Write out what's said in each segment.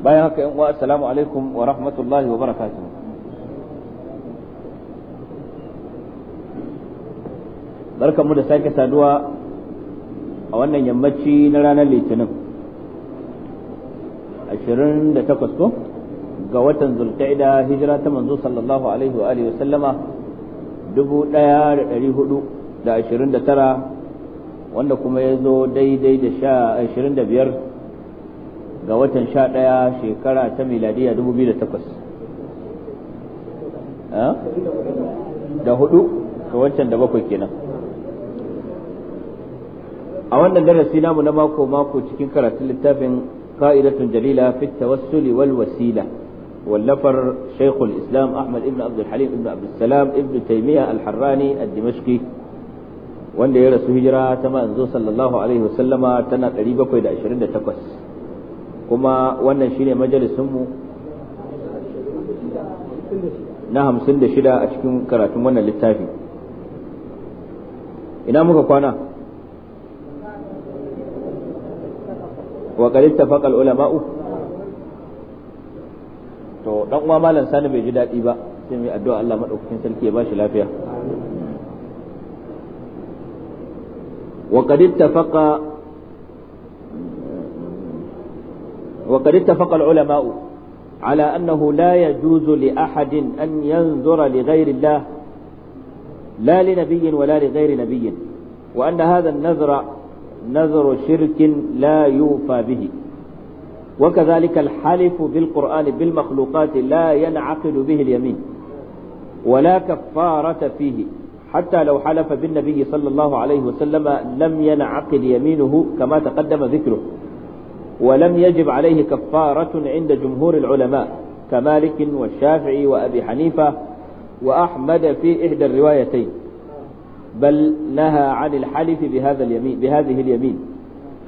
bayan haka yan uwa assalamu alaikum wa rahmatullahi wa barakatuh barkanmu da sake saduwa a wannan yammaci na ranar litinin 28 ko ga watan zulqa'ida hijira ta manzo sallallahu alaihi wa alihi wa sallama 1429 wanda kuma ya zo daidai da 25 ga watan sha ɗaya shekara ta miladiya dubu biyu da takwas da hudu ga wancan da bakwai kenan a wannan darasi namu na mako mako cikin karatun littafin ka'idatun dalila fi tawassuli wal wasila wallafar shaikhul islam ahmad ibn abdul halim ibn abdul salam ibn taymiya al-harrani ad-dimashqi wanda ya rasu hijira ta manzo sallallahu alaihi wasallama tana 728 kuma wannan shine majalisinmu na hamsin da shida a cikin karatun wannan littafi ina muka kwana wa qalita faqal ulama'u to dan uwa malam sani bai ji daɗi ba sai mai addu'a Allah madaukakin sarki ya ba shi lafiya wa qad وقد اتفق العلماء على أنه لا يجوز لأحد أن ينذر لغير الله لا لنبي ولا لغير نبي وأن هذا النذر نذر شرك لا يوفى به وكذلك الحلف بالقرآن بالمخلوقات لا ينعقد به اليمين ولا كفارة فيه حتى لو حلف بالنبي صلى الله عليه وسلم لم ينعقد يمينه كما تقدم ذكره ولم يجب عليه كفارة عند جمهور العلماء كمالك والشافعي وأبي حنيفة وأحمد في إحدى الروايتين بل نهى عن الحلف بهذا اليمين بهذه اليمين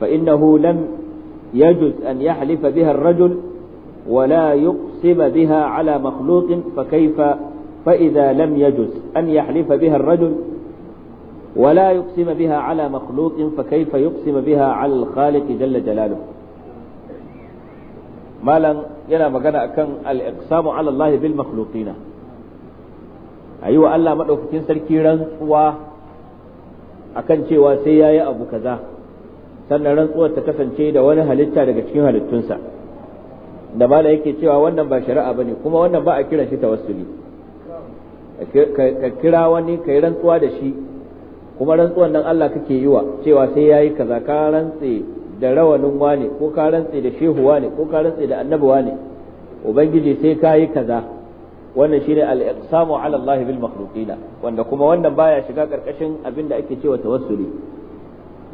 فإنه لم يجوز أن يحلف بها الرجل ولا يقسم بها على مخلوق فكيف فإذا لم يجز أن يحلف بها الرجل ولا يقسم بها على مخلوق فكيف يقسم بها على الخالق جل جلاله malam yana magana akan al-iqsamu ala Allah bil makhluqina ayi wa Allah madaukakin sarki rantsuwa akan cewa sai yayi abu kaza sannan rantsuwar ta kasance da wani halitta daga cikin halittunsa da mala yake cewa wannan ba shari'a bane kuma wannan ba a kira shi tawassuli ka kira wani kai rantsuwa da shi kuma rantsuwan nan Allah kake yi wa cewa sai yayi kaza ka rantse da rawanin wane ko ka rantse da shehu wane ko ka rantse da annabi wane ubangiji sai ka yi kaza wannan shine al-iqsamu ala Allah bil makhluqina wanda kuma wannan baya shiga karkashin abin da ake cewa tawassuli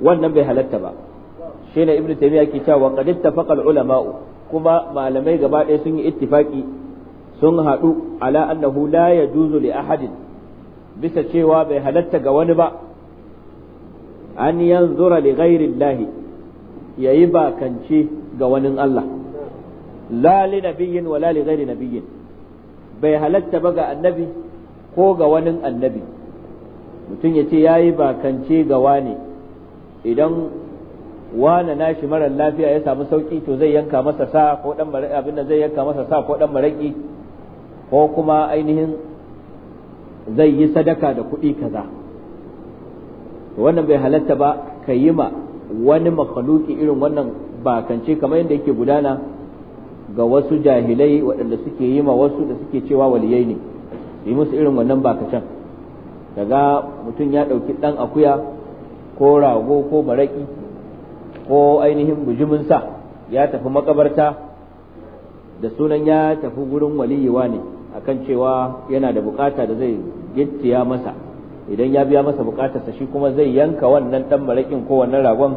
wannan bai halatta ba shine ibnu taymiya yake cewa qad ittafaqa ulama kuma malamai gaba ɗaya sun yi ittifaki sun haɗu ala annahu la yajuzu li ahadin bisa cewa bai halatta ga wani ba an yanzura li ghairi yayi bakance ga wani Allah la li wa la li ghairi bai halatta ba ga annabi ko ga wani annabi mutum ya ce yayi bakance ga wani idan wane nashi marar lafiya ya samu sauki to zai yanka masa sa ko dan abin da zai yanka masa sa ko dan maraki ko kuma ainihin zai yi sadaka da kuɗi kaza wannan bai halatta ba ka yi ma wani makhluki irin wannan bakance kamar yadda yake gudana ga wasu jahilai waɗanda suke yi ma wasu da suke cewa waliyai ne yi musu irin wannan bakacen daga mutum ya ɗauki ɗan akuya ko rago ko maraƙi ko ainihin bujumin sa ya tafi makabarta da sunan ya tafi gurin waliyewa ne akan cewa yana da bukata da zai gittiya masa idan ya biya masa bukatarsa shi kuma zai yanka wannan dan marakin ko wannan ragon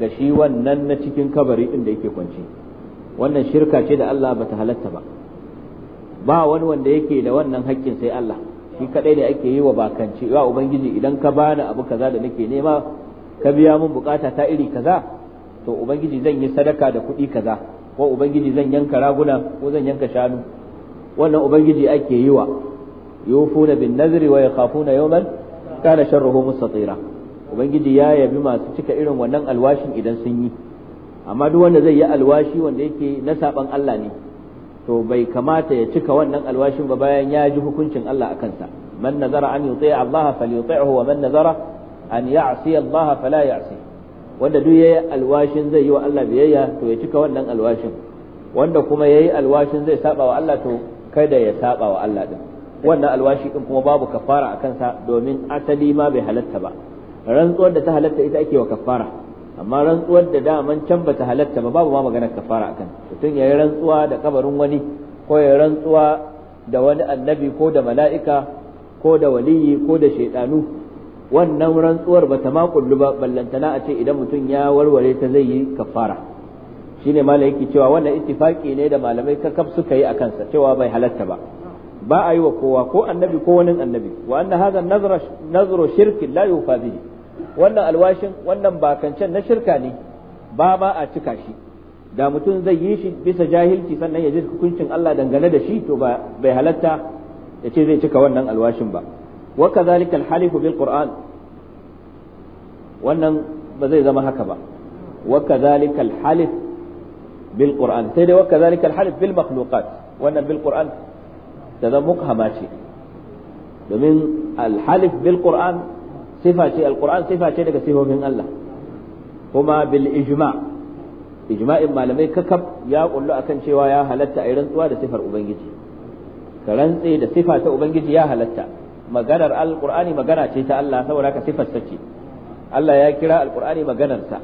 ga shi wannan na cikin kabari din da yake kwance wannan shirka ce da Allah bata halatta ba ba wani wanda yake da wannan haƙƙin sai Allah shi kadai da ake yi wa bakanci wa ubangiji idan ka bani abu kaza da nake nema ka biya min bukata ta iri kaza to ubangiji zan yi sadaka da kuɗi kaza ko ubangiji zan yanka raguna ko zan yanka shanu wannan ubangiji ake yi wa yufuna bin nazri wa yakhafuna yawman kana sharruhu mustatira ubangiji ya yabi masu cika irin wannan alwashin idan sun yi amma duk wanda zai yi alwashi wanda yake na saban Allah ne to bai kamata ya cika wannan alwashin ba bayan ya ji hukuncin Allah a kansa man nazara an yuti Allah falyuti'hu wa man nazara an ya'si Allah fala ya'si wanda duk yayi alwashin zai yi wa Allah biyayya to ya cika wannan alwashin wanda kuma yayi alwashin zai saba wa Allah to kada ya saba wa Allah din wannan alwashi din kuma babu kafara a kansa domin asali ma bai halatta ba rantsuwar da ta halatta ita ake wa kafara amma rantsuwar da daman can ba ta halatta ba babu ma maganar kafara akan mutum ya yi rantsuwa da kabarin wani ko ya rantsuwa da wani annabi ko da mala'ika ko da waliyi ko da shaidanu wannan rantsuwar ba ta ma kullu ba ballantana a ce idan mutum ya warware ta zai yi kafara shine malai yake cewa wannan ittifaki ne da malamai kakaf suka yi akan sa cewa bai halatta ba ba a yi wa kowa ko annabi ko wani annabi wa anna hadha nazru shirkin la yufa bihi wannan alwashin wannan bakancan na shirka ne ba ma a cika shi da mutum zai yi shi bisa jahilci sannan ya ji hukuncin Allah dangane da shi to ba bai halatta ya ce zai cika wannan alwashin ba wa kadhalika alhalifu bil qur'an wannan ba zai zama haka ba wa kadhalika alhalif bil qur'an sai dai wa kadhalika alhalif bil makhluqat wannan bil qur'an ta zama ce domin alhalif bil qur'an sifa ce alquran sifa ce daga sifofin Allah kuma bil ijma ijma'in malamai kakab ya kullu akan cewa ya halatta a rantsuwa da sifar ubangiji ka rantse da sifa ta ubangiji ya halatta maganar alqur'ani magana ce ta Allah saboda ka sifar sace Allah ya kira alqur'ani maganarsa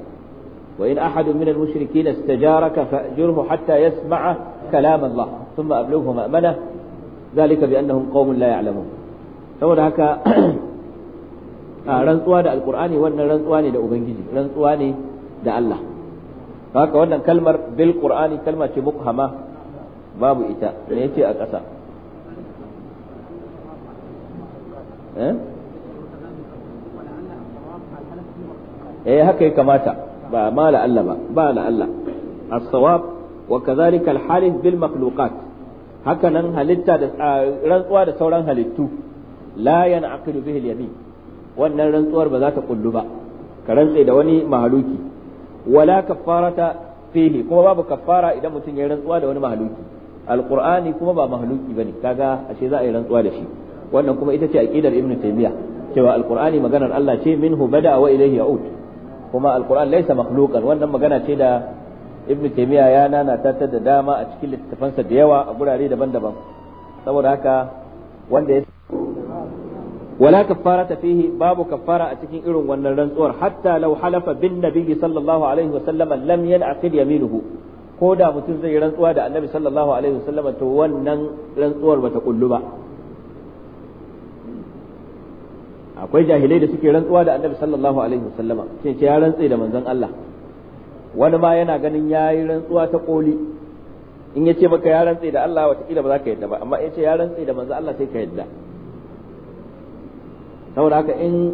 wa in ahadun min al-mushrikeena istajaraka fa'jurhu hatta yasma'a kalam Allah thumma ablughu ma'mana zalika bi annahum qaumun la ya'lamun saboda haka a rantsuwa da alqur'ani wannan rantsuwa ne da ubangiji rantsuwa ne da Allah haka wannan kalmar bil qur'ani kalma ce mukhama babu ita ne yace a ƙasa eh? eh haka ya kamata ba ma Allah ba ba Allah wa bil haka nan halitta da rantsuwa da sauran halittu la yan'aqidu bihi al-yamin wannan rantsuwar ba za ta kullu ba ka rantse da wani mahaluki wala kaffarata fihi kuma babu kaffara idan mutum ya rantsuwa da wani mahaluki alqur'ani kuma ba mahaluki bane kaga ashe za a yi rantsuwa da shi wannan kuma ita ce aqidar ibnu taymiya cewa alqur'ani maganar Allah ce minhu bada wa ilayhi ya'ud kuma alqur'an laysa makhluqan wannan magana ce da ibn taymiya ya nanata ta da dama a cikin littafansa da yawa a gurare daban-daban saboda haka wanda ya wala kaffara ta fihi babu kaffara a cikin irin wannan rantsuwar hatta law halafa bin nabiyyi sallallahu alaihi wasallama lam yan'aqid yaminuhu ko da mutum zai rantsuwa da annabi sallallahu alaihi wasallama to wannan rantsuwar bata kullu ba akwai jahilai da suke rantsuwa da annabi sallallahu alaihi ya rantse da manzon Allah wani ma yana ganin yi rantsuwa ta koli in yace maka ya rantse da Allah wataƙila ba za ka yadda ba amma yace ya rantse da manzo Allah sai ka yadda saboda haka in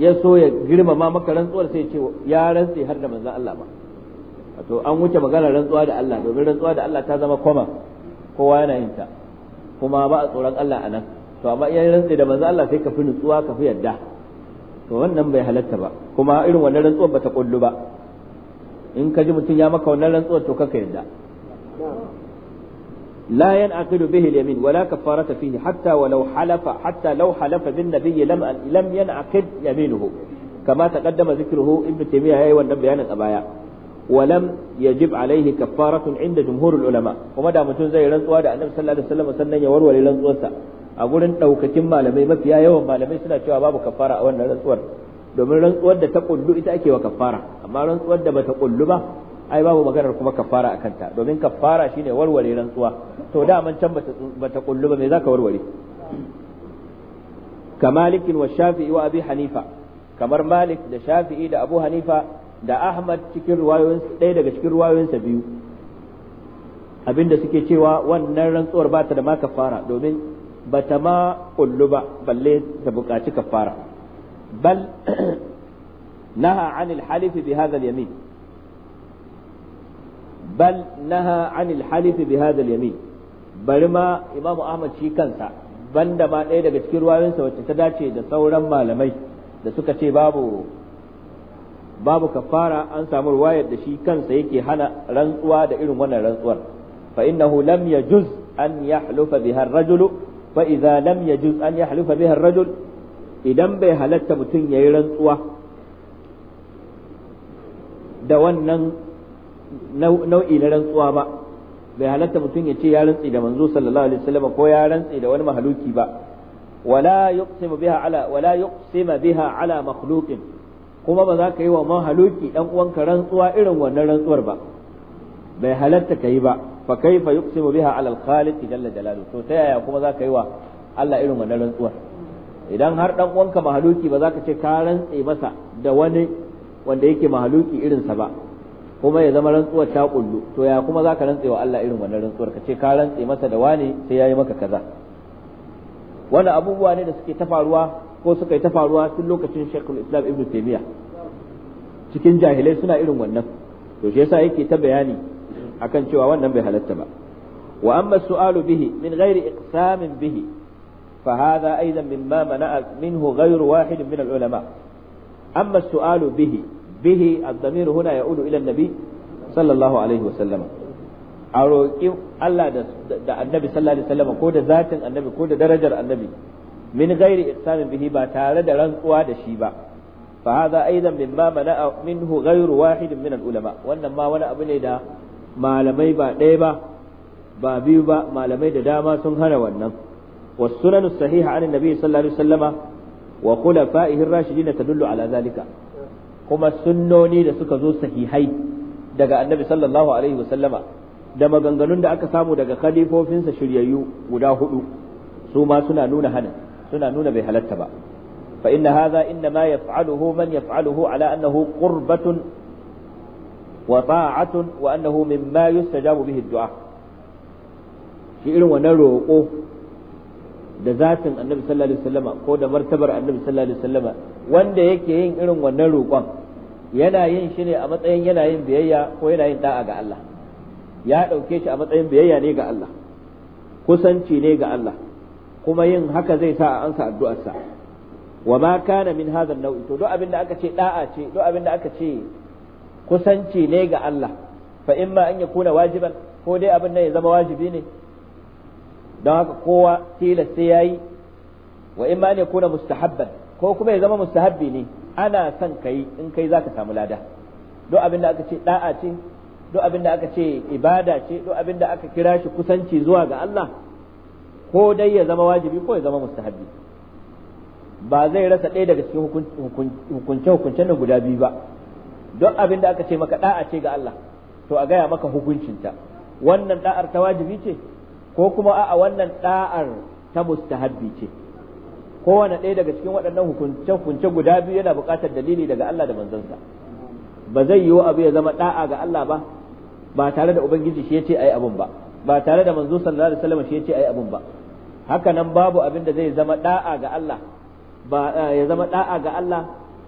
ya so ya girmama maka rantsuwar sai ce ya rantse har da manzo Allah ba to an wuce magana rantsuwa da Allah domin rantsuwa da Allah ta zama kwama kowa yana yin ta kuma ba a tsoron Allah anan to amma in rantse da manzo Allah sai ka fi nutsuwa ka fi yadda to wannan bai halatta ba kuma irin wannan rantsuwar ba ta kullu ba in ka ji mutum ya maka wannan rantsuwar to kaka yarda لا ينعقد به اليمين ولا كفارة فيه حتى ولو حلف حتى لو حلف بالنبي لم لم ينعقد يمينه كما تقدم ذكره ابن تيمية هي والنبيان أبايا ولم يجب عليه كفارة عند جمهور العلماء وما دام متون زي رنسوا دا النبي صلى الله عليه وسلم سنن يور ولي رنسوا سا أقول أن لو كتم ما لم يمفيا يوم ما لم يسنا شو أباب كفارة أو أن رنسوا domin rantsuwar da ta kullu ita ake wa kafara amma rantsuwar da bata kullu ba ai babu maganar kuma kafara akan ta domin kafara shine warware rantsuwa to da man can bata kullu ba me zaka warware kamalikin wa shafi'i wa abi hanifa kamar malik da shafi'i da abu hanifa da ahmad cikin ruwayoyin ɗaya daga cikin ruwayoyinsa biyu abinda suke cewa wannan rantsuwar bata da ma kafara domin bata ma kullu ba balle ta buƙaci kafara bal naha anil halifi bi yamin bal naha anil halifi bi yamin bari ma imam ahmad shi kansa banda ma ɗaya daga cikin ruwayoyinsa wacce ta dace da sauran malamai da suka ce babu babu kafara an samu ruwayar da shi kansa yake hana rantsuwa da irin wannan rantsuwar fa innahu lam yajuz an yahlufa biha ar-rajulu fa idza lam yajuz an yahlufa biha ar-rajul idan bai halatta mutum ya yi rantsuwa da wannan nau'i na rantsuwa ba bai halatta mutum ya ce ya rantsi da manzo sallallahu alaihi wasallam ko ya rantsi da wani mahaluki ba wala yuqsimu biha ala wala yuqsima biha ala makhluqin kuma ba za ka yi wa mahaluki dan uwanka rantsuwa irin wannan rantsuwar ba bai halatta ka yi ba fa kaifa yuqsimu biha ala al-khaliq jalla jalaluhu to ta yaya kuma za ka yi wa Allah irin wannan rantsuwar idan har dan uwanka mahaluki ba za ka ce ka rantse masa da wani wanda yake mahaluki irinsa ba kuma ya zama rantsuwar ta kullu to ya kuma za ka rantse wa Allah irin wannan rantsuwar ka ce ka rantse masa da wani sai ya yi maka kaza wannan abubuwa ne da suke ta faruwa ko suka yi ta faruwa tun lokacin Sheikhul Islam Ibn Taymiyyah cikin jahilai suna irin wannan to shi yasa yake ta bayani akan cewa wannan bai halatta ba wa amma su'alu bihi min ghairi iqsamin bihi فهذا أيضا مما منع منه غير واحد من العلماء أما السؤال به به الضمير هنا يعود إلى النبي صلى الله عليه وسلم a roƙi Allah da annabi sallallahu alaihi wasallam ko da zatin annabi ko da darajar annabi min ghairi iqsamin bihi ba tare da rantsuwa da shi ba fa hadha aidan mimma mana'a minhu ghairu wahid min ulama wannan ma wani abu ne da malamai ba ɗaya ba ba biyu ba malamai da dama sun hana wannan والسنن الصحيحة عن النبي صلى الله عليه وسلم وخلفائه الراشدين تدل على ذلك kuma sunnoni da suka zo sahihai daga annabi sallallahu alaihi wasallama da maganganun da aka samu daga khalifofinsa shiryayyu guda hudu su ma suna nuna bai halatta ba fa inna hadha inna ma yaf'aluhu man yaf'aluhu ala annahu qurbatun wa ta'atun wa annahu shi irin wannan roƙo da zatin annabi sallallahu alaihi wasallama ko da martabar annabi sallallahu alaihi wasallama wanda yake yin irin wannan roƙon yana yin shi ne a matsayin yana yin biyayya ko yana yin da'a ga Allah ya ɗauke shi a matsayin biyayya ne ga Allah kusanci ne ga Allah kuma yin haka zai sa a ansa addu'arsa wa ma kana min hadha an-naw'i to duk abin da aka ce da'a ce duk abin da aka ce kusanci ne ga Allah fa imma an yakuna wajiban ko dai abin nan ya zama wajibi ne don haka kowa tilas sai yayi wa in ma ne kuna mustahabban ko kuma ya zama mustahabbi ne ana son kai in kai zaka samu lada duk abin da aka ce da'a ce duk abin da aka ce ibada ce duk abin da aka kira shi kusanci zuwa ga Allah ko dai ya zama wajibi ko ya zama mustahabbi ba zai rasa ɗaya daga cikin hukunce hukuncen nan guda biyu ba duk abin da aka ce maka da'a ce ga Allah to a gaya maka hukuncinta wannan da'ar ta wajibi ce ko kuma a wannan da'ar ta mustahabbi ce kowane ɗaya daga cikin waɗannan hukunce-hukunce guda biyu yana buƙatar dalili daga Allah da manzansa ba zai yiwu abu ya zama da'a ga Allah ba ba tare da ubangiji shi yace ayi abun ba ba tare da manzo sallallahu alaihi wasallam shi yace ayi abun ba haka nan babu abin da zai zama da'a ga Allah ba eh, ya zama da'a ga Allah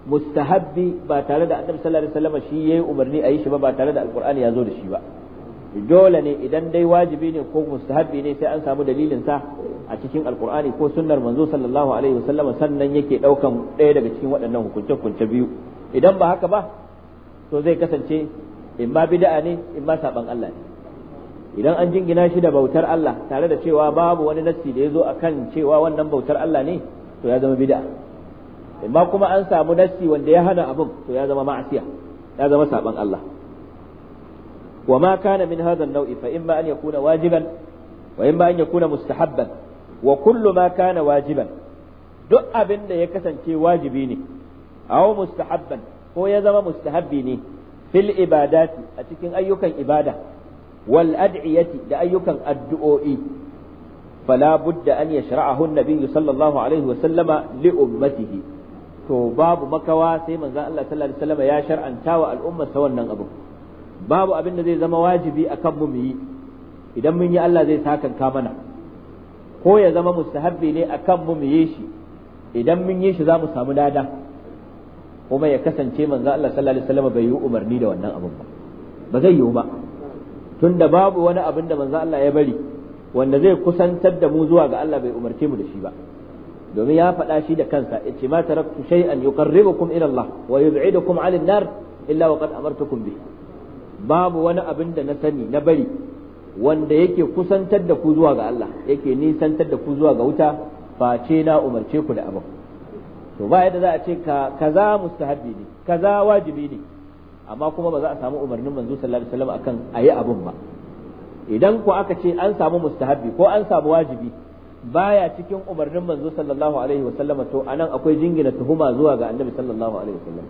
mustahabbi ba tare da annabi sallallahu alaihi wasallam shi yayi umarni ayi shi ba ba tare da alqur'ani ya zo da shi ba dole ne idan dai wajibi ne ko mustahabi ne sai an samu dalilin sa a cikin alkur'ani ko sunnar manzo sallallahu alaihi wasallam sannan yake daukan ɗaya daga cikin waɗannan hukunce hukunce biyu idan ba haka ba to zai kasance in ma bid'a ne in ma saban Allah ne idan an jingina shi da bautar Allah tare da cewa babu wani nassi da yazo akan cewa wannan bautar Allah ne to ya zama bid'a in ma kuma an samu nassi wanda ya hana abin to ya zama ma'asiya ya zama saban Allah wa ma kana min hadha an-naw'i fa imma an yakuna wajiban wa imma an yakuna mustahabban wa kullu ma kana wajiban duk abin da ya kasance wajibi ne aw mustahabban ko ya zama mustahabbi ne fil ibadati a cikin ayyukan ibada wal ad'iyati da ayyukan addu'o'i فلا بد أن يشرعه sallallahu alaihi wa sallama وسلم لأمته to babu makawa sai manzo Allah sallallahu alaihi ya shar'anta wa al'umma ta wannan abu babu abin da zai zama wajibi a kanmu mu yi idan mun yi Allah zai sakanka mana ko ya zama mustahabbi ne a kanmu mu yi shi idan mun yi shi za mu samu dada kuma ya kasance manzo Allah sallallahu alaihi wasallam bai yi umarni da wannan abin ba ba zai yiwu ba tunda babu wani abin da manzo Allah ya bari wanda zai kusantar da mu zuwa ga Allah bai umarce mu da shi ba domin ya faɗa shi da kansa yace ma taraktu shay'an yuqarribukum ila Allah wa yub'idukum 'ala an-nar illa wa qad amartukum bihi babu wani abin da na sani na bari wanda yake kusantar da ku zuwa ga Allah yake nisantar da ku zuwa ga wuta face na umarce ku da abin to ba yadda za a ce ka kaza mustahabbi ne kaza wajibi ne amma kuma ba za a samu umarnin manzo sallallahu alaihi wasallam akan ayi abin ba idan ku aka ce an samu mustahabbi ko an samu wajibi baya cikin umarnin manzo sallallahu alaihi wasallam to anan akwai jingina tuhuma zuwa ga annabi sallallahu alaihi wasallam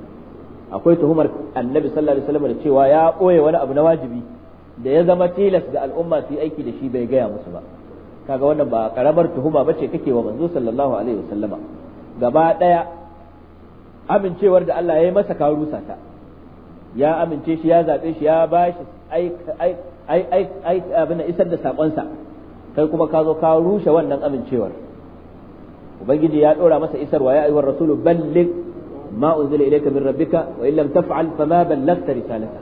akwai tuhumar annabi sallallahu alaihi wasallam da cewa ya ɓoye wani abu na wajibi da ya zama tilas ga al'umma su yi aiki da shi bai gaya musu ba kaga wannan ba karamar tuhuma ce kake wa manzo sallallahu alaihi wasallama gaba daya amincewar da Allah ya yi masa ka ta ya amince shi ya zaɓe shi ya bashi ai ai ai abin isar da saƙonsa kai kuma ka zo ka rushe wannan amincewar ubangiji ya ɗora masa isarwa ya ayyuhar rasulu balligh ma unzila ilayka min rabbika wa illam taf'al fama ballagta risalata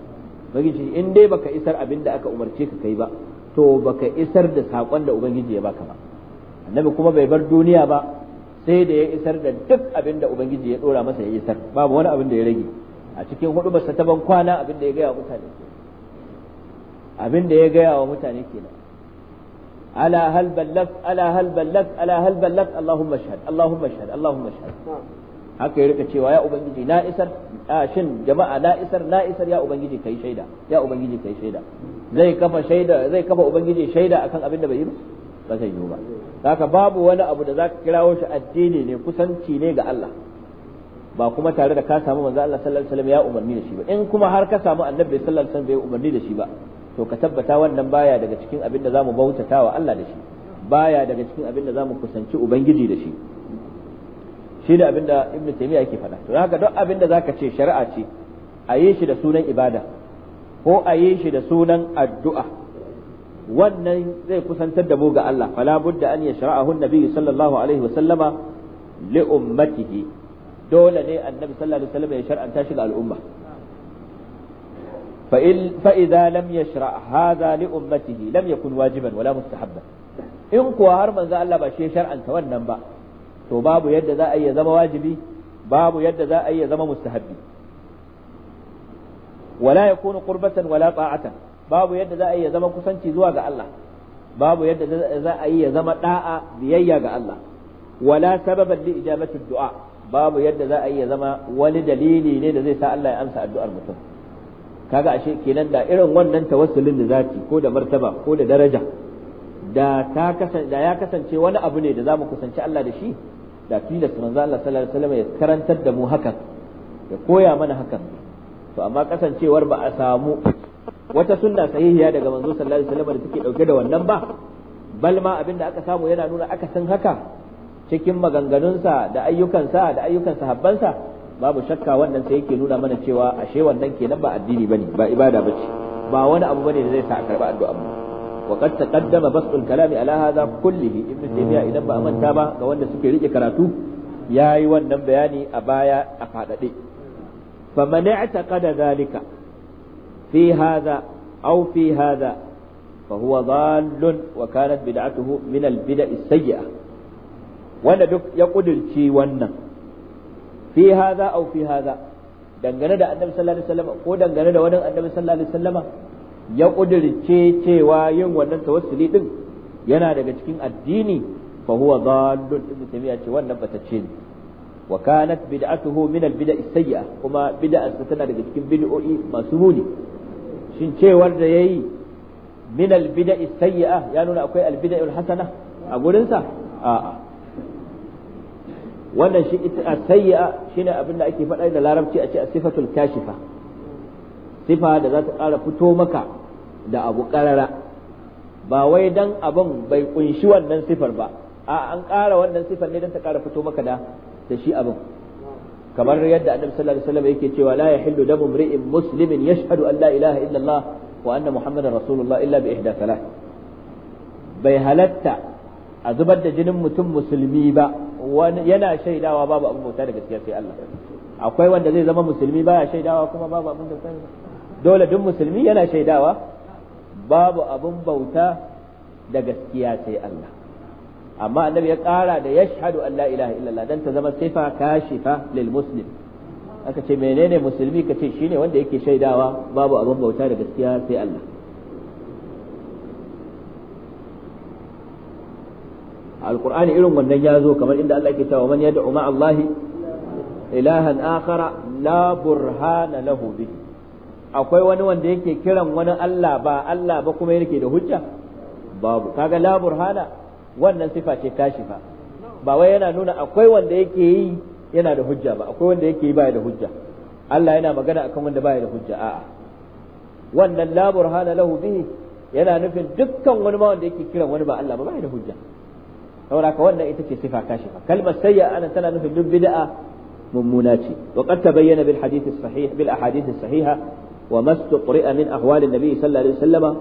ubangiji in dai baka isar abin aka umarce ka kai ba to baka isar da sakon da ubangiji ya baka ba annabi kuma bai bar duniya ba sai da ya isar da duk abin ubangiji ya dora masa ya isar babu wani abin ya rage a cikin hudu basa kwana abin ya gaya wa mutane abin da ya gaya wa ala hal ala hal allahumma allahumma allahumma haka ya rika cewa ya ubangiji na isar shin jama'a na isar na isar ya ubangiji kai shaida ya ubangiji kai shaida zai kafa shaida zai kafa ubangiji shaida akan abin da bai yi ba ba zai yi ba haka babu wani abu da zaka kirawo shi addini ne kusanci ne ga Allah ba kuma tare da ka samu manzo Allah sallallahu alaihi wasallam ya umarni da shi ba in kuma har ka samu annabi sallallahu alaihi wasallam bai umarni da shi ba to ka tabbata wannan baya daga cikin abin da zamu bautatawa Allah da shi baya daga cikin abin da zamu kusanci ubangiji da shi shine abinda ibn taymiya yake faɗa to haka duk abinda zaka ce shari'a ce a yi shi da sunan ibada ko a yi shi da sunan addu'a wannan zai kusantar da mu ga Allah fala budda an yashra'ahu an-nabi sallallahu alaihi wasallama li ummatihi dole ne annabi sallallahu alaihi wasallam ya shar'anta shi ga al'umma fa idza lam yashra' hadha li ummatihi lam yakun wajiban wala mustahabban in kuwa har manzo Allah ba shi ya shar'anta wannan ba to babu yadda za a iya zama wajibi babu yadda za a iya zama mustahabbi wala yakunu qurbatan wala ta'atan babu yadda za a iya zama kusanci zuwa ga Allah babu yadda za a iya zama da'a biyayya ga Allah wala sababan li ijabati du'a babu yadda za a iya zama wani dalili ne da zai sa Allah ya amsa addu'ar mutum kaga ashe kenan da irin wannan tawassulin da zaki ko da martaba ko da daraja da ta kasance da ya kasance wani abu ne da zamu kusanci Allah da shi da tilas manzo Allah sallallahu alaihi wasallam ya karantar da mu hakan ya koya mana hakan to amma kasancewar ba a samu wata sunna sahihiya daga manzo sallallahu alaihi wasallam da take dauke da wannan ba bal ma da aka samu yana nuna aka san haka cikin maganganunsa da ayyukansa da ayyukan sahabbansa babu shakka wannan sai yake nuna mana cewa ashe wannan kenan ba addini bane ba ibada bace ba wani abu bane da zai sa a karba addu'a mu ta qad bas ɗin kalami ala hadha kullihi ibnu taymiya idan ba manta ba ga wanda suke rike karatu yayi wannan bayani a baya a fadade faman i'taqada zalika fi hadha aw فهو ضال وكانت بدعته من البدع السيئة wanda duk ya kudirce wannan fi haza au fi haza dangane da annabi sallallahu alaihi ko dangane da wani annabi sallallahu alaihi ya kudirce cewa yin wannan tawassuli din yana daga cikin addini fa huwa dhallun ibnu taymiya ce wannan bata ce ne wa kanat bid'atuhu min al bid'a sayyi'a kuma bid'a tana daga cikin bid'o'i masu muni shin cewar da yayi min al bid'a sayyi'a ya nuna akwai al bid'a al hasana a gurin sa a'a wannan shi ita sayyi'a shine abin da ake faɗa da larabci a ce sifatul kashifa sifa da za ta ƙara fito maka da abu ƙarara ba wai dan abin bai kunshi wannan sifar ba a an ƙara wannan sifar ne don ta ƙara fito maka da da shi abin kamar yadda annabi sallallahu alaihi wasallam yake cewa la yahillu damu mri'in muslimin yashhadu an la ilaha illallah wa anna muhammadar rasulullah illa bi ihda salat bai halatta a zubar da jinin mutum musulmi ba yana shaidawa babu abin bauta da gaskiya sai Allah akwai wanda zai zama musulmi baya shaidawa kuma babu abin da dole duk musulmi yana shaidawa babu abin bauta da gaskiya sai Allah amma annabi ya kara da yashhadu an la ilaha illallah dan ta zama sifa kashifa lil muslim aka ce menene musulmi ka ce shine wanda yake shaidawa babu abin bauta da gaskiya sai Allah alqur'ani irin wannan ya zo kamar inda Allah yake cewa man yad'u ma Allah ilahan akhara la burhana lahu bihi akwai wani wanda yake kiran wani Allah ba Allah ba kuma yake da hujja babu kaga la burhana wannan sifa ce kashifa ba wai yana nuna akwai wanda yake yi yana da hujja ba akwai wanda yake yi baya da hujja Allah yana magana akan wanda baya da hujja a'a wannan la burhana lahu bihi yana nufin dukkan wani ma wanda yake kiran wani ba Allah ba baya da hujja saboda ka wannan ita ce sifa kashifa kalmar sayya ana tana nufin duk bid'a mummuna ce wa qad tabayyana bil hadith sahih bil ahadith sahiha وما استقرئ من أحوال النبي صلى الله عليه وسلم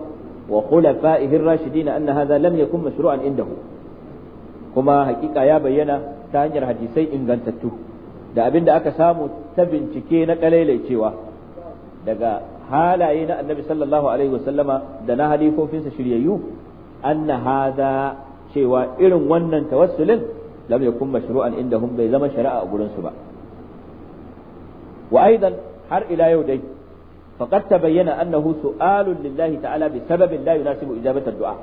وخلفائه الراشدين أن هذا لم يكن مشروعا عنده كما حقيقة يا بينا تانجر حديثي إن غنتته da abin da aka samu ta bincike na kalaicewa daga halaye na annabi sallallahu alaihi wasallama da na halifofinsa shiryayyu anna hadha cewa irin wannan tawassulin lam yakun mashru'an indahum bai zama shari'a a gurinsu ba wa aidan har ila yau dai ta bayyana annahu su'alun lillahi ta'ala bi sababin la yunasibu ijabata du'a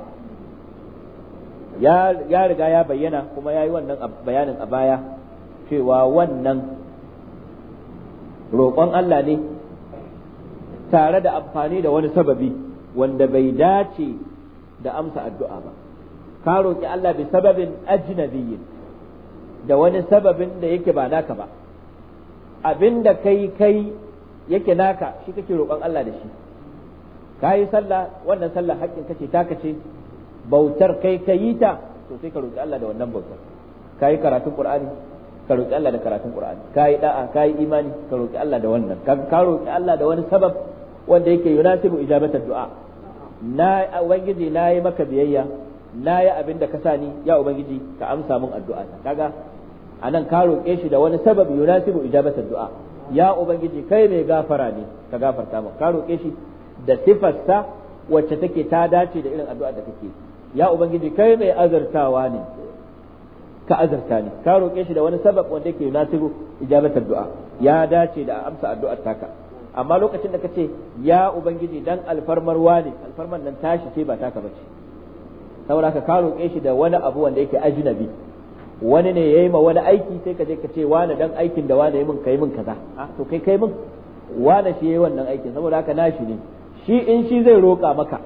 ya riga ya bayyana kuma yayi wannan bayanin a baya cewa wannan roƙon Allah ne tare da amfani da wani sababi wanda bai dace da amsa addu'a ba ka roƙi Allah bi sababin ajnabiyyin da wani sababin da yake ba naka ba abinda kai kai yake naka shi kake roƙon Allah da shi ka yi sallah wannan sallah haƙƙin kace taka ce bautar kai ka yi ta to sai ka roƙi Allah da wannan bautar ka yi karatun Qur'ani ka roƙi Allah da karatun Qur'ani ka yi da'a ka yi imani ka roƙi Allah da wannan ka roƙi Allah da wani sabab wanda yake yunasibu ijabatar du'a na ubangiji na yi maka biyayya na yi abin da ka sani ya ubangiji ka amsa mun addu'a kaga anan ka roƙe shi da wani sabab yunasibu ijabatar du'a ya ubangiji kai mai gafara ne ka gafarta mu ka roƙe shi da sifarsa wacce take ta dace da irin addu'a da kake ya ubangiji kai mai azartawa ne ka azarta ne ka roƙe shi da wani sabab wanda yake nasiru ijabatar du'a ya dace da amsa addu'ar taka amma lokacin da kace ya ubangiji dan alfarmar wani alfarmar nan tashi ce ba taka bace saboda ka roƙe shi da wani abu wanda yake ajnabi wani ne yayi ma wani aiki sai ka je ka ce wani dan aikin da wani min kai min kaza ah, to kai kai min wani shi yayi wannan aikin saboda haka nashi ne shi in shi zai roka maka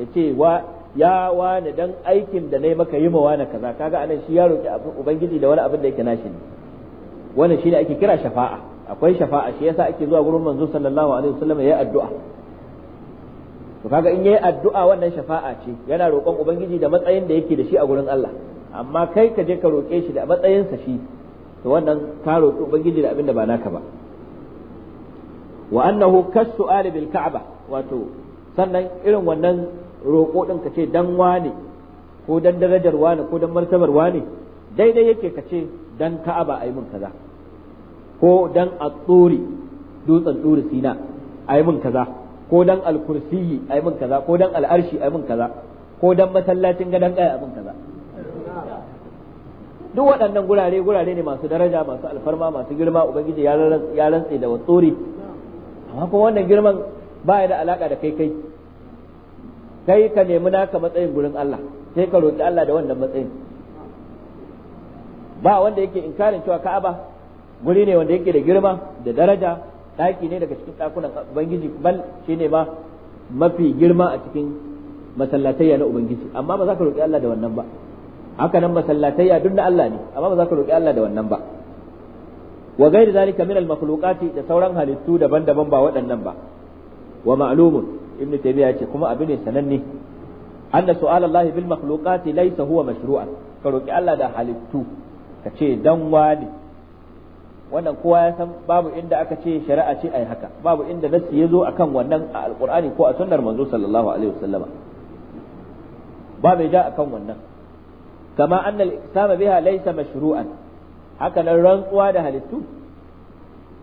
ya ce wa ya wani dan aikin da nayi maka yi ma wani kaza kaga anan shi ya roki ubangiji da wani abin da yake nashi ne wannan ne ake kira shafa'a akwai shafa'a shi yasa ake zuwa gurin manzo sallallahu alaihi wasallam yayi addu'a to kaga in yayi addu'a wannan shafa'a ce yana roƙon ubangiji da matsayin da yake da shi a gurin Allah amma kai ka je ka roƙe shi da matsayinsa shi to wannan ka roƙi ubangiji da abin da ba naka ba wa annahu kasu suali bil ka'aba wato sannan irin wannan roƙo ɗin ka ce dan wane ko dan darajar wane ko dan martabar wane daidai yake ka ce dan ka'aba yi mun kaza ko dan atsuri dutsen turi sina yi mun kaza ko dan alkursiyi a yi mun kaza ko dan al'arshi a yi mun kaza ko dan masallacin gadan kaya yi mun kaza duk waɗannan gurare gurare ne masu daraja masu alfarma masu girma ubangiji ya rantse da watsori amma kuma wannan girman ba ya da alaka da kai kai kai ka nemi naka matsayin gurin Allah sai ka roƙi Allah da wannan matsayin ba wanda yake inkarin cewa Ka'aba guri ne wanda yake da girma da daraja ɗaki ne daga cikin ɗakunan ubangiji bal shine ba mafi girma a cikin masallatai na ubangiji amma ba za ka roƙi Allah da wannan ba haka nan masallatai duk na Allah ne amma ba za ka roƙi Allah da wannan ba wa ghairi zalika min al makhluqati da sauran halittu daban-daban ba waɗannan ba wa ma'lumun ibn taymiya ce kuma abin ne sananne anna su'al Allah bil makhluqati laysa huwa mashru'an ka roki Allah da halittu ka ce dan wani wannan kowa ya san babu inda aka ce shari'a ce ai haka babu inda nassi ya zo akan wannan a alqur'ani ko a sunnar manzo sallallahu alaihi wasallama ba mai ja akan wannan kama anna al-iqsama biha laysa mashru'an haka nan rantsuwa da halittu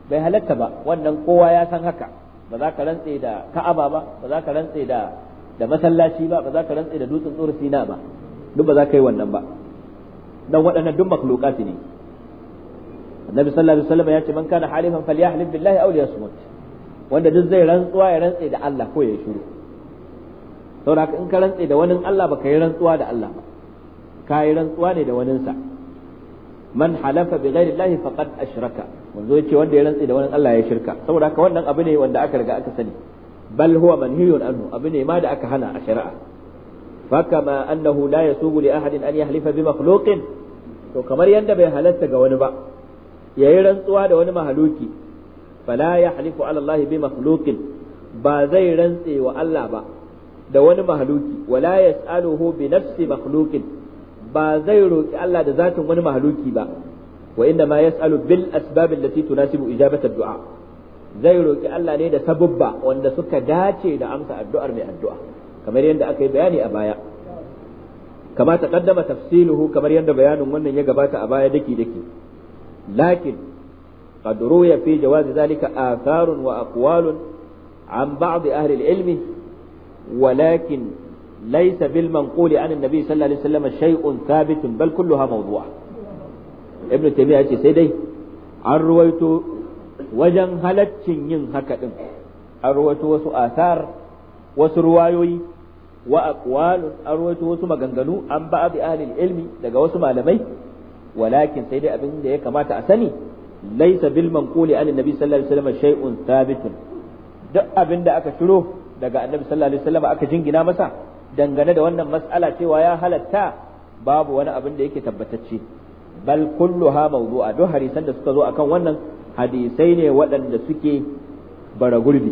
bai halatta ba wannan kowa ya san haka ba za ka rantse da ka'aba ba ba za ka rantse da da masallaci ba ba za ka rantse da dutsen tsoro sina ba duk ba za ka yi wannan ba dan waɗannan duk makhluqati ne annabi sallallahu alaihi wasallam ya ce man kana halifan falyahlif billahi aw liyasmut wanda duk zai rantsuwa ya rantse da Allah ko ya shiru saboda in ka rantse da wani Allah ba ka yi rantsuwa da Allah ba kai rantsuwa ne da waninsa man halafa bi ghairi llahi faqad ashraka wanzo yace wanda ya rantsi da wani Allah ya shirka saboda haka wannan abu ne wanda aka riga aka sani bal huwa manhiyun anhu abu ne ma da aka hana a shari'a ma annahu la yasubu li ahadin an yahlifa bi makhluqin to kamar yanda bai halatta ga wani ba yayi rantsuwa da wani mahaluki fala yahlifu ala Allah bi makhluqin ba zai rantse wa Allah ba da wani mahaluki wala yas'aluhu bi nafsi makhluqin ba zai roƙi Allah da zatin wani mahaluki ba wa inda ma yas'alu bil asbab allati tunasibu ijabata du'a zai roki Allah ne da sababba wanda suka dace da amsa addu'ar mai addu'a kamar yadda aka yi bayani a baya kama taqaddama tafsiluhu kamar yadda bayanin wannan ya gabata a baya daki daki lakin قد روي في جواز ذلك آثار وأقوال عن بعض أهل العلم ولكن laysa bil manquli an annabi sallallahu alaihi wasallam shay'un thabitun bal kulluha mawdu'a ibnu taymiya yace sai dai an ruwaito wajen halaccin yin haka din an ruwaito wasu asar wasu ruwayoyi wa an ruwaito wasu maganganu an ba'd ahli ilmi daga wasu malamai walakin sai dai abin da ya kamata a sani laysa bil manquli an annabi sallallahu alaihi wasallam shay'un thabitun duk abinda aka shiro daga annabi aka jingina masa dangane da wannan mas'ala cewa ya halatta babu wani abin da yake tabbatacce bal kullu ha kulluha a duk hadisan da suka zo akan wannan hadisai ne waɗanda suke bara gurbi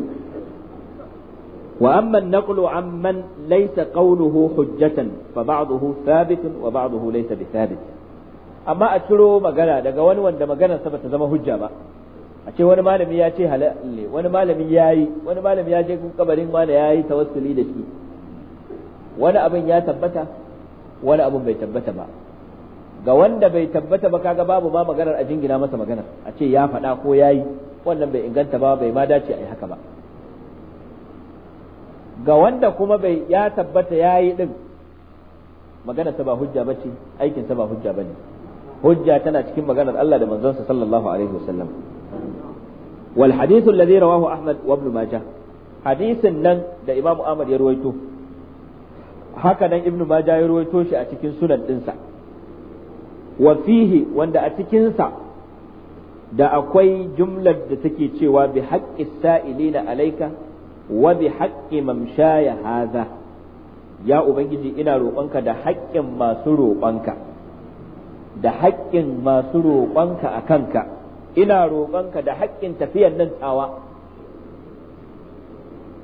wa amma naqlu amman laysa qawluhu hujjatan fa ba'dahu thabitun wa ba'dahu laysa bi amma a ciro magana daga wani wanda maganarsa bata zama hujja ba a ce wani malami ya ce halal ne wani malami ya yi wani malami ya je kabarin mana ya yi tawassuli da shi wani abin ya tabbata wani abin bai tabbata ba ga wanda bai tabbata ba kaga babu ma maganar a jingina masa magana a ce ya faɗa ko yayi wannan bai inganta ba bai ma dace a yi haka ba ga wanda kuma bai ya tabbata yayi din maganar ta ba hujja bace aikin ta ba hujja bane hujja tana cikin maganar Allah da sa sallallahu alaihi wasallam wal hadithu alladhi rawahu ahmad wa ibn majah hadisin nan da imamu ahmad ya ruwaito haka nan ibnu majah ya rawaito shi a cikin sunan dinsa wa fihi wanda a cikin sa da akwai jumlar da take cewa bi haqqi sa'ilina alayka wa bi haqqi mamshaya hadha ya ubangiji ina roƙonka da haƙƙin masu roƙonka da haƙƙin masu roƙonka a kanka ina roƙonka da haƙƙin tafiyar nan tsawa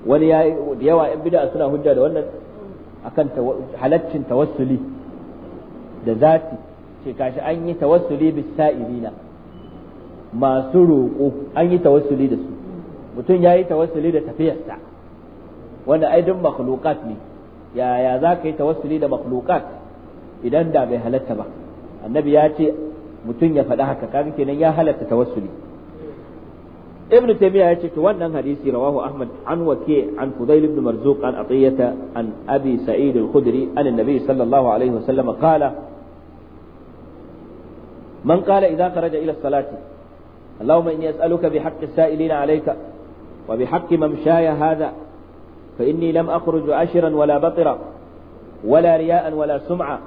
wani ya yawa yan bid'a suna hujja da wannan akan halaccin tawassuli da zati ce kashi an yi tawassuli bis sa'irina masu roƙo an yi tawassuli da su mutum yayi yi tawassuli da tafiyarsa wanda ai duk makhluqat ne yaya za ka yi tawassuli da makhluqat idan da bai halatta ba annabi ya ce mutum ya faɗi haka kaga kenan ya halatta tawassuli ابن تيمية شيخ أن حديثي رواه أحمد عن وكيع عن فضيل بن مرزوق عن عطيه عن أبي سعيد الخدري أن النبي صلى الله عليه وسلم قال من قال إذا خرج إلى الصلاة اللهم إني أسألك بحق السائلين عليك وبحق ممشاي هذا فإني لم أخرج عشرا ولا بطرا ولا رياء ولا سمعة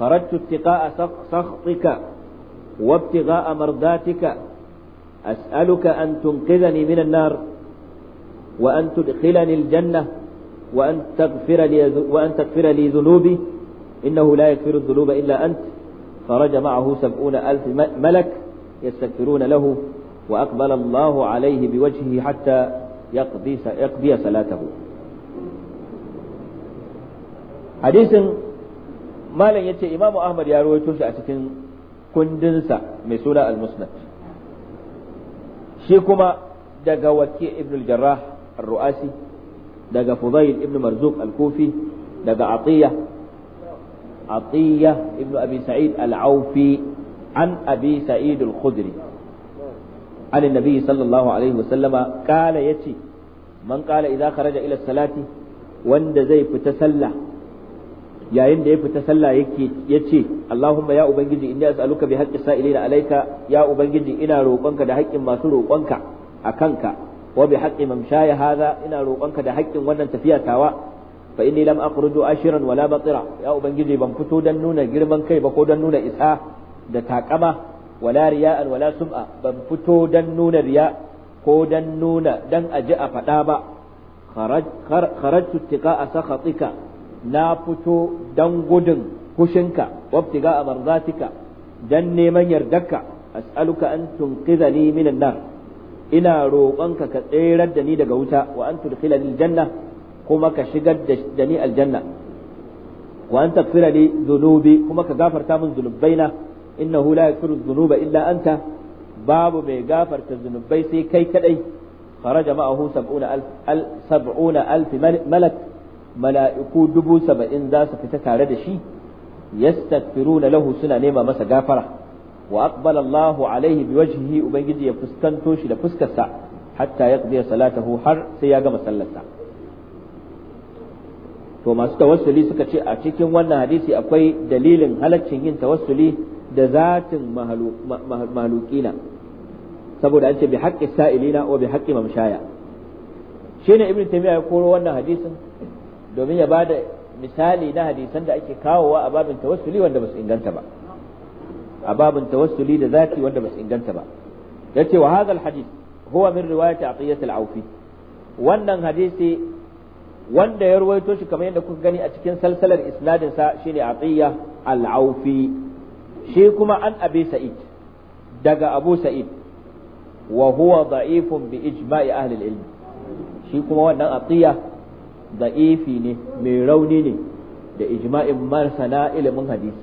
خرجت اتقاء سخطك وابتغاء مرضاتك أسألك أن تنقذني من النار وأن تدخلني الجنة وأن تغفر لي وأن تغفر لي ذنوبي إنه لا يغفر الذنوب إلا أنت خرج معه سبعون ألف ملك يستغفرون له وأقبل الله عليه بوجهه حتى يقضي يقضي صلاته. حديث مالك يتي إمام أحمد يا رويتوش أتكن كندنسا مسولة المسند. shi kuma daga waki ibn al-jarrah al ruasi daga fudayl ibn marzuq al-kufi daga atiya atiya ibn abi sa'id al-aufi an abi sa'id al-khudri عن النبي صلى الله عليه وسلم قال يتي من قال إذا خرج إلى الصلاة وند زي yayin da ya fita sallah yake ce Allahumma ya ubangiji inni as'aluka bi haqqi sa'ilina alayka ya ubangiji ina roƙonka da haƙƙin masu roƙonka akanka wa bi haqqi mamshaya hadha ina roƙonka da haƙƙin wannan tafiya tawa fa inni lam akhruju ashiran wala batira ya ubangiji ban fito dan nuna girman kai ba ko dan nuna isa da takama wala riya'an wala sum'a ban fito dan nuna riya ko dan nuna dan aji a faɗa ba kharajtu tiqa sakhatika na fito dan gudun kushinka wabtiga a marzatika dan neman yardarka as'aluka an tunqidhani minan nar ina roƙonka ka tserar da ni daga wuta wa an tudkhilani janna kuma ka shigar da ni aljanna wa an taghfira kuma ka gafarta min dhunubaina innahu la yaghfiru zunuba illa anta babu mai gafarta zunubai sai kai kadai kharaja ma'ahu 70000 malak mala'iku dubu saba'in za su fita tare da shi na lahu suna nema masa gafara wa aqbala Allahu alaihi biwajhihi ubangiji ya fuskanto shi da fuskarsa hatta yaqdi salatahu har sai ya gama sallarsa to masu tawassuli suka ce a cikin wannan hadisi akwai dalilin halaccin yin tawassuli da zatin mahalukina saboda an ce bi haƙƙi sa'ilina wa bi haƙƙi mamshaya shine ibnu taymiya ya koro wannan hadisin domin ya bada misali na hadisan da ake kawowa a babin tawassuli wanda ba su inganta ba a babin tawassuli da zati wanda ba su inganta ba yace wa hadha alhadith huwa min riwayat aqiyat al-awfi wannan hadisi wanda ya ruwaito shi kamar yadda kuka gani a cikin salsalar isnadin sa shine aqiya al-awfi shi kuma an abi sa'id daga abu sa'id wa huwa da'ifun bi ijma'i ahli al-ilm shi kuma wannan aqiya da'ifi ne mai rauni ne da ijma'in marsana ilimin hadisi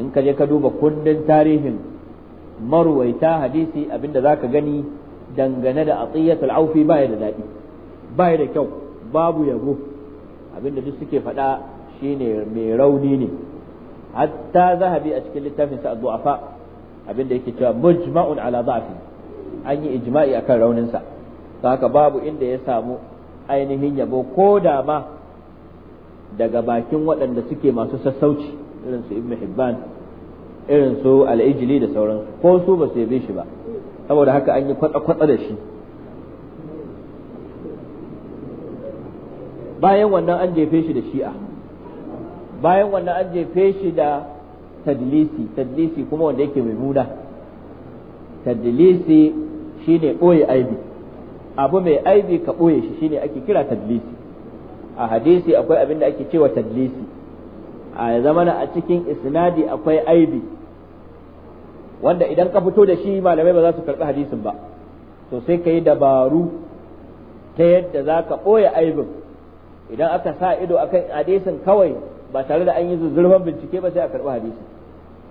in ka je ka duba kundin tarihin marwaita hadisi abinda za ka gani dangane da atiyatul aufi baya da daɗi baya da kyau babu yabo abinda duk suke faɗa shine mai rauni ne hatta zahabi a cikin littafin sa du'afa abinda yake cewa mujma'un ala dhafi an yi ijma'i akan rauninsa sa haka babu inda ya samu ainihin yabo ko da ma daga bakin waɗanda suke masu sassauci irin su Ibn hibban irin su al'ijili da sauran ko su ba su yabe shi ba saboda haka an yi kwatsa-kwatsa da shi bayan wannan an jefe shi da shi'a bayan wannan an jefe shi da tadlisi tadlisi kuma wanda yake mai muna tadlisi shine ɓoye aibi abu mai aibi ka ɓoye shi shine ake kira tadlisi a hadisi akwai abin da ake cewa tadlisi a ya zama a cikin isnadi akwai aibi wanda idan ka fito da shi malamai ba za su karɓi hadisin ba to sai ka yi dabaru ta yadda za ka ɓoye aibin idan aka sa ido akan hadisin kawai ba tare da an yi zuzzurfan bincike ba sai a karɓi hadisin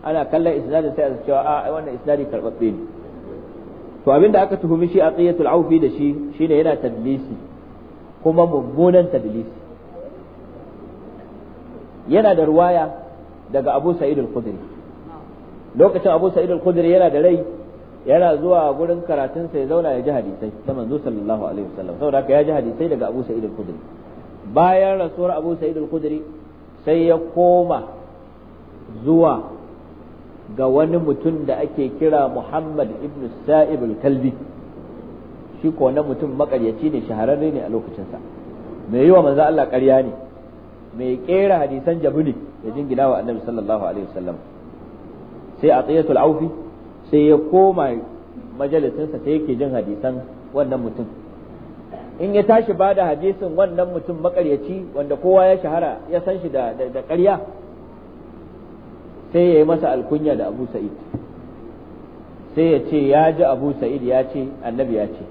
ana kallon isnadin sai a cewa a wannan isnadi karɓaɓɓe ne to abin da aka tuhumi shi a tsiyatul aufi da shi shine yana tadlisi kuma mummunan tadlisi yana da ruwaya daga Abu Sa'id al-Khudri lokacin Abu Sa'id al-Khudri yana da rai yana zuwa gurin karatun sa ya zauna ya ji hadisai da manzo sallallahu alaihi wasallam saboda haka ya ji hadisai daga Abu Sa'id al-Khudri bayan rasuwar Abu Sa'id al-Khudri sai ya koma zuwa ga wani mutum da ake kira Muhammad ibn Sa'ib al-Kalbi shi ko na mutum makaryaci ne shahararre ne a lokacinsa mai yi wa manzo Allah ƙarya ne mai kera hadisan jabu da jingina wa annabi sallallahu alaihi wasallam sai a tsayatul aufi sai ya koma majalisinsa sai yake jin hadisan wannan mutum in ya tashi ba da hadisin wannan mutum makaryaci wanda kowa ya shahara ya san shi da ƙarya sai ya yi masa alkunya da abu sa'id sai ya ce ya ji abu sa'id ya ce annabi ya ce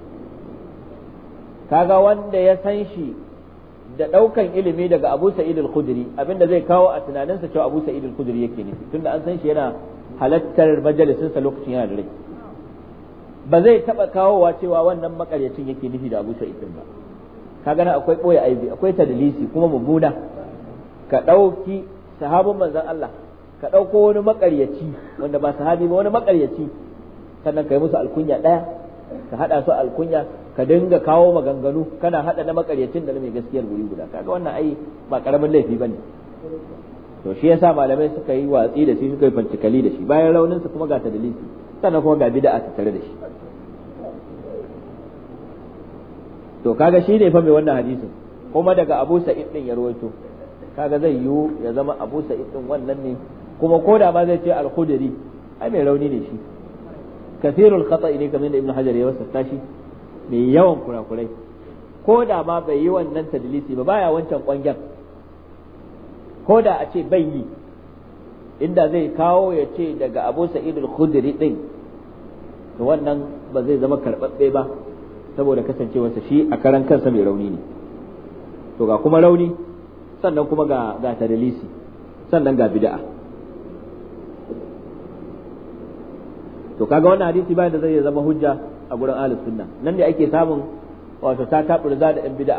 kaga wanda ya san shi da ɗaukan ilimi daga abu sa'id al-khudri abinda zai kawo a tunaninsa cewa abu sa'id al-khudri yake nufi tunda an san shi yana halattar majalisinsa lokacin yana da rai ba zai taɓa kawowa cewa wannan makaryacin yake nufi da abu sa'id ba kaga nan akwai ɓoye aibi akwai tadlisi kuma mummuna ka ɗauki sahabin manzon Allah ka ɗauko wani makaryaci wanda ba sahabi ba wani makaryaci sannan ka yi musu alkunya ɗaya ka haɗa su alkunya ka dinga kawo maganganu kana haɗa na makaryacin da na mai gaskiyar guri guda kaga wannan ai ba ƙaramin laifi ba ne to shi yasa malamai suka yi watsi da shi suka yi fancikali da shi bayan raunin su kuma ga ta dalili sannan kuma ga bid'a ta tare da shi to kaga shi ne fa mai wannan hadisin kuma daga Abu Sa'id din ya kaga zai yiwu ya zama Abu Sa'id wannan ne kuma ko da ma zai ce al-khudri ai mai rauni ne shi kathirul khata ne kamar da ibnu hajar ya wasa shi mai yawan kurakurai ko da ma bai yi wannan tadlisi ba baya wancan kwangen ko da a ce bai yi inda zai kawo ya ce daga abu sa'id al-khudri din to wannan ba zai zama karbabbe ba saboda kasancewarsa shi a karan kansa mai rauni ne to ga kuma rauni sannan kuma ga ga tadlisi sannan ga bid'a to kaga wannan hadisi bai da zai zama hujja a gurin ahlus sunna nan ne ake samun wato ta taburza da ɗan bid'a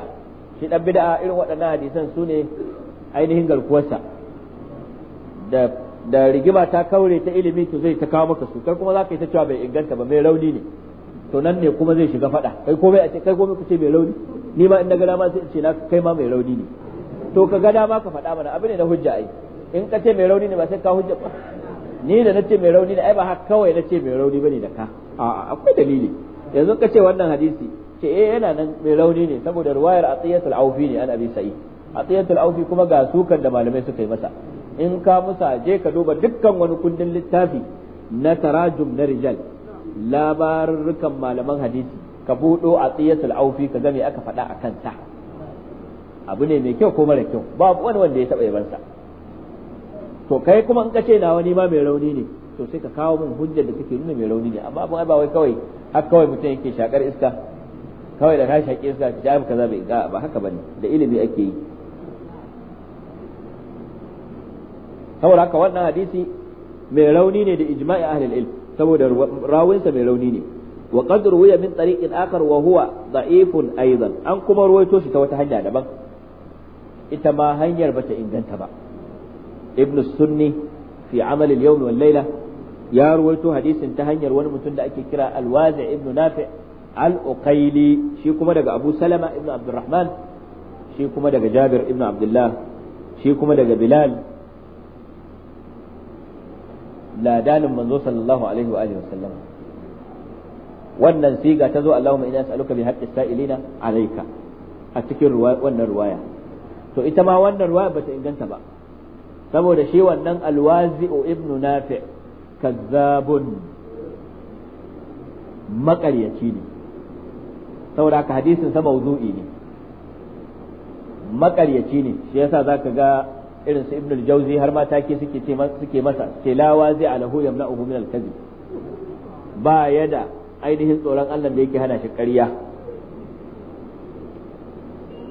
shi dan bid'a irin waɗannan hadisan su ne ainihin garkuwarsa da da rigima ta kaure ta ilimi to zai ta kawo maka su kai kuma zaka yi ta cewa bai inganta ba mai rauni ne to nan ne kuma zai shiga fada kai komai a ce kai komai kace mai rauni ni ma in daga dama sai in ce na kai ma mai rauni ne to ka ga dama ka faɗa mana abin ne na hujja ai in ka ce mai rauni ne ba sai ka hujja ba ni da nace mai rauni da ai ba haka kawai nace mai rauni bane da ka a'a akwai dalili yanzu ka ce wannan hadisi ce eh yana nan mai rauni ne saboda ruwayar atiyatul aufi ne an abi sa'id atiyatul aufi kuma ga sukan da malamai suka yi masa in ka musa je ka duba dukkan wani kundin littafi na tarajum na rijal labarurrukan malaman hadisi ka buɗo atiyatul aufi ka ga me aka faɗa akan ta abu ne mai kyau ko mara kyau babu wani wanda ya taba yabansa to kai kuma in ka ce na wani ma mai rauni ne to sai ka kawo min hujjar da take nuna mai rauni ne amma abin ba wai kawai har kawai mutum yake shakar iska kawai da ka shaki iska ki ta kaza bai ga ba haka bane da ilimi ake yi saboda haka wannan hadisi mai rauni ne da ijma'i ahlul ilm saboda rawinsa mai rauni ne wa qad ruwiya min tariqin akhar wa huwa da'ifun aidan an kuma ruwaito shi ta wata hanya daban ita ma hanyar bata inganta ba ibn sunni fi amal al-yawm wal layla ya ruwaito hadisin ta hanyar wani mutum da ake kira al-wazi ibn nafi al-uqaili shi kuma daga abu salama ibn abdurrahman shi kuma daga jabir ibn abdullah shi kuma daga bilal ladanin manzo sallallahu alaihi wa alihi wasallam wannan siga ta zo Allahumma inna nas'aluka bi haqqis sa'ilina alayka a cikin wannan ruwaya to ita ma wannan ruwaya bata inganta ba saboda shi wannan alwazi'u ibnu nafi' kazzabun maƙaryaci ne saboda ka hadisin sa mawzu'i ne maƙaryaci ne shi yasa zaka ga irin su ibnu al har ma take suke ce suke masa ce la wazi alahu yamna'uhu min al-kadhib ba yada ainihin tsoron Allah da yake hana shi ƙarya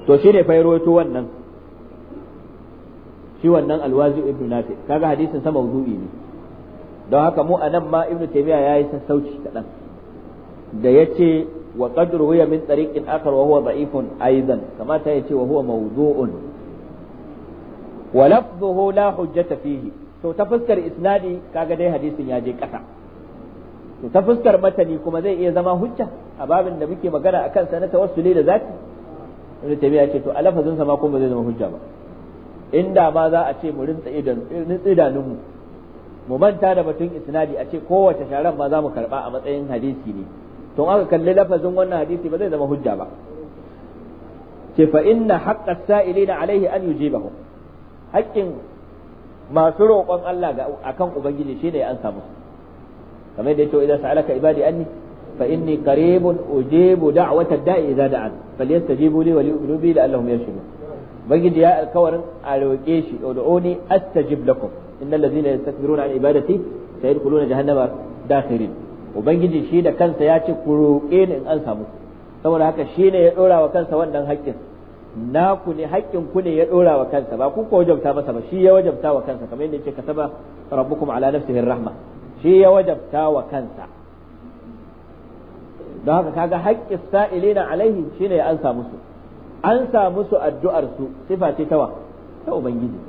to shine fa wannan shi wannan alwazi ibn nafi kaga hadisin sa mawdu'i ne don haka mu anan ma ibn taymiya yayi sassauci kadan da yace wa qadru huwa min tariqin akhar wa huwa da'ifun aidan kamata yace wa huwa mawdu'un wa lafdhuhu la hujjata fihi to ta fuskar isnadi kaga dai hadisin ya je kasa to ta fuskar matani kuma zai iya zama hujja a babin da muke magana akan sa na tawassuli da zati ibn taymiya ce to a lafazin sa ma kuma zai zama hujja ba inda ma za a ce mu rinsa idanunmu mu manta da batun isnadi a ce kowace sharan ma za mu karba a matsayin hadisi ne to aka kalli lafazin wannan hadisi ba zai zama hujja ba ce fa inna haqqas sa'ilina alaihi an yujibahum haƙƙin masu roƙon Allah ga akan ubangiji shine an samu kamar da yace idan sa'alaka ibadi anni fa inni qaribun ujibu da'wata da'i idza da'an falyastajibu li wa liyu'minu bi la'allahum yashkurun ubangiji ya alkawarin a roƙe shi ud'uni astajib lakum innal ladzina yastakbiruna an ibadati sayadkhuluna jahannama dakhirin ubangiji shi da kansa ya ce ku roƙe ni in an samu saboda haka shi ne ya ɗora wa kansa wannan haƙƙin naku ne haƙƙin ku ne ya ɗora wa kansa ba ku ko wajabta masa ba shi ya wajabta wa kansa kamar yadda yake kasaba rabbukum ala nafsihi rahma shi ya wajabta wa kansa don haka kaga haƙƙin sa'ilina alaihi shine ya ansa musu an samu su addu'ar su sifa ce tawa ta ubangiji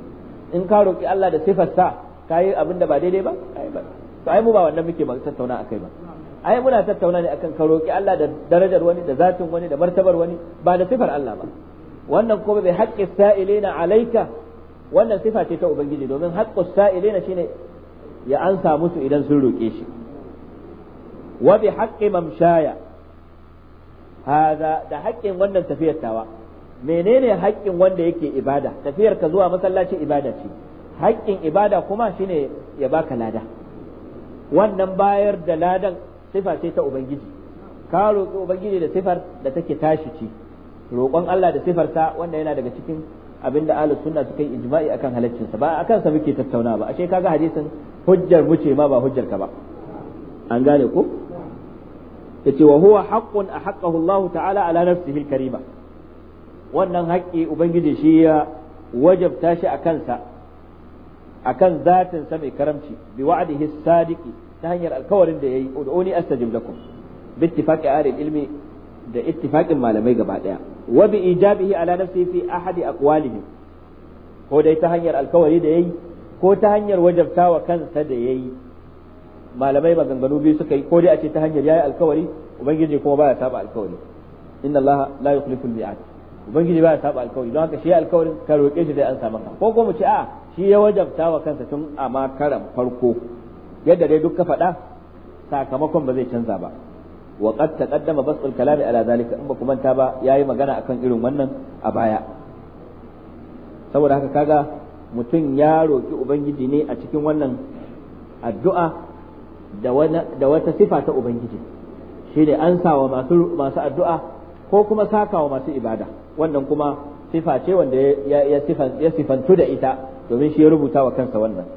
in ka roƙi Allah da sifar sa kai abin da ba daidai ba kai ba to ai mu ba wannan muke ba tattauna akai ba ai muna tattauna ne akan ka roƙi Allah da darajar wani da zatin wani da martabar wani ba da sifar Allah ba wannan kuma bai haƙƙi sa'ilina alaika wannan sifa ce ta ubangiji domin haƙƙu sa'ilina shine ya ansa musu idan sun roƙe shi wa bi haƙƙi mamshaya hada da haƙƙin wannan tafiyar tawa menene haƙƙin wanda yake ibada tafiyar ka zuwa masallaci ibada ce haƙƙin ibada kuma shine ya baka lada wannan bayar da ladan sifa ce ta ubangiji ka roƙi ubangiji da sifar da take tashi ce roƙon Allah da sifar ta wanda yana daga cikin abin da ahlus sunna suka yi ijma'i akan sa ba akan sa muke tattauna ba ashe kaga hadisin hujjar mu ma ba hujjar ka ba an gane ko yace wa huwa haqqun ahqqahu Allah ta'ala ala nafsihi al-karima wannan haƙƙi ubangiji shi ya wajabta shi a kansa akan zatin sa mai karamci bi wa'dihi sadiki ta hanyar alkawarin da yayi ud'uni astajib lakum bi ittifaqi ahli ilmi da ittifaqin malamai gaba daya wa bi ijabihi ala nafsihi fi ahadi aqwalihim ko dai ta hanyar alkawari da yayi ko ta hanyar wajabta wa kansa da yayi malamai maganganu biyu suka yi ko dai a ce ta hanyar yayi alkawari ubangiji kuma baya saba alkawari inna allaha la yukhlifu al-mi'ad ubangiji ba ya saba alkawari don haka shi alkawarin ka roƙe shi zai ansa maka ko ko mu ce a shi ya wajabta wa kansa tun a makaran farko yadda dai duk ka faɗa sakamakon ba zai canza ba wa qad taqaddama basul kalami ala zalika in ba ku manta ba yayi magana akan irin wannan a baya saboda haka kaga mutum ya roƙi ubangiji ne a cikin wannan addu'a da wata sifa ta ubangiji shine ne an sawa masu addu'a ko kuma sakawa masu ibada wannan kuma sifa ce wanda ya sifantu da ita domin shi ya rubuta wa kansa wannan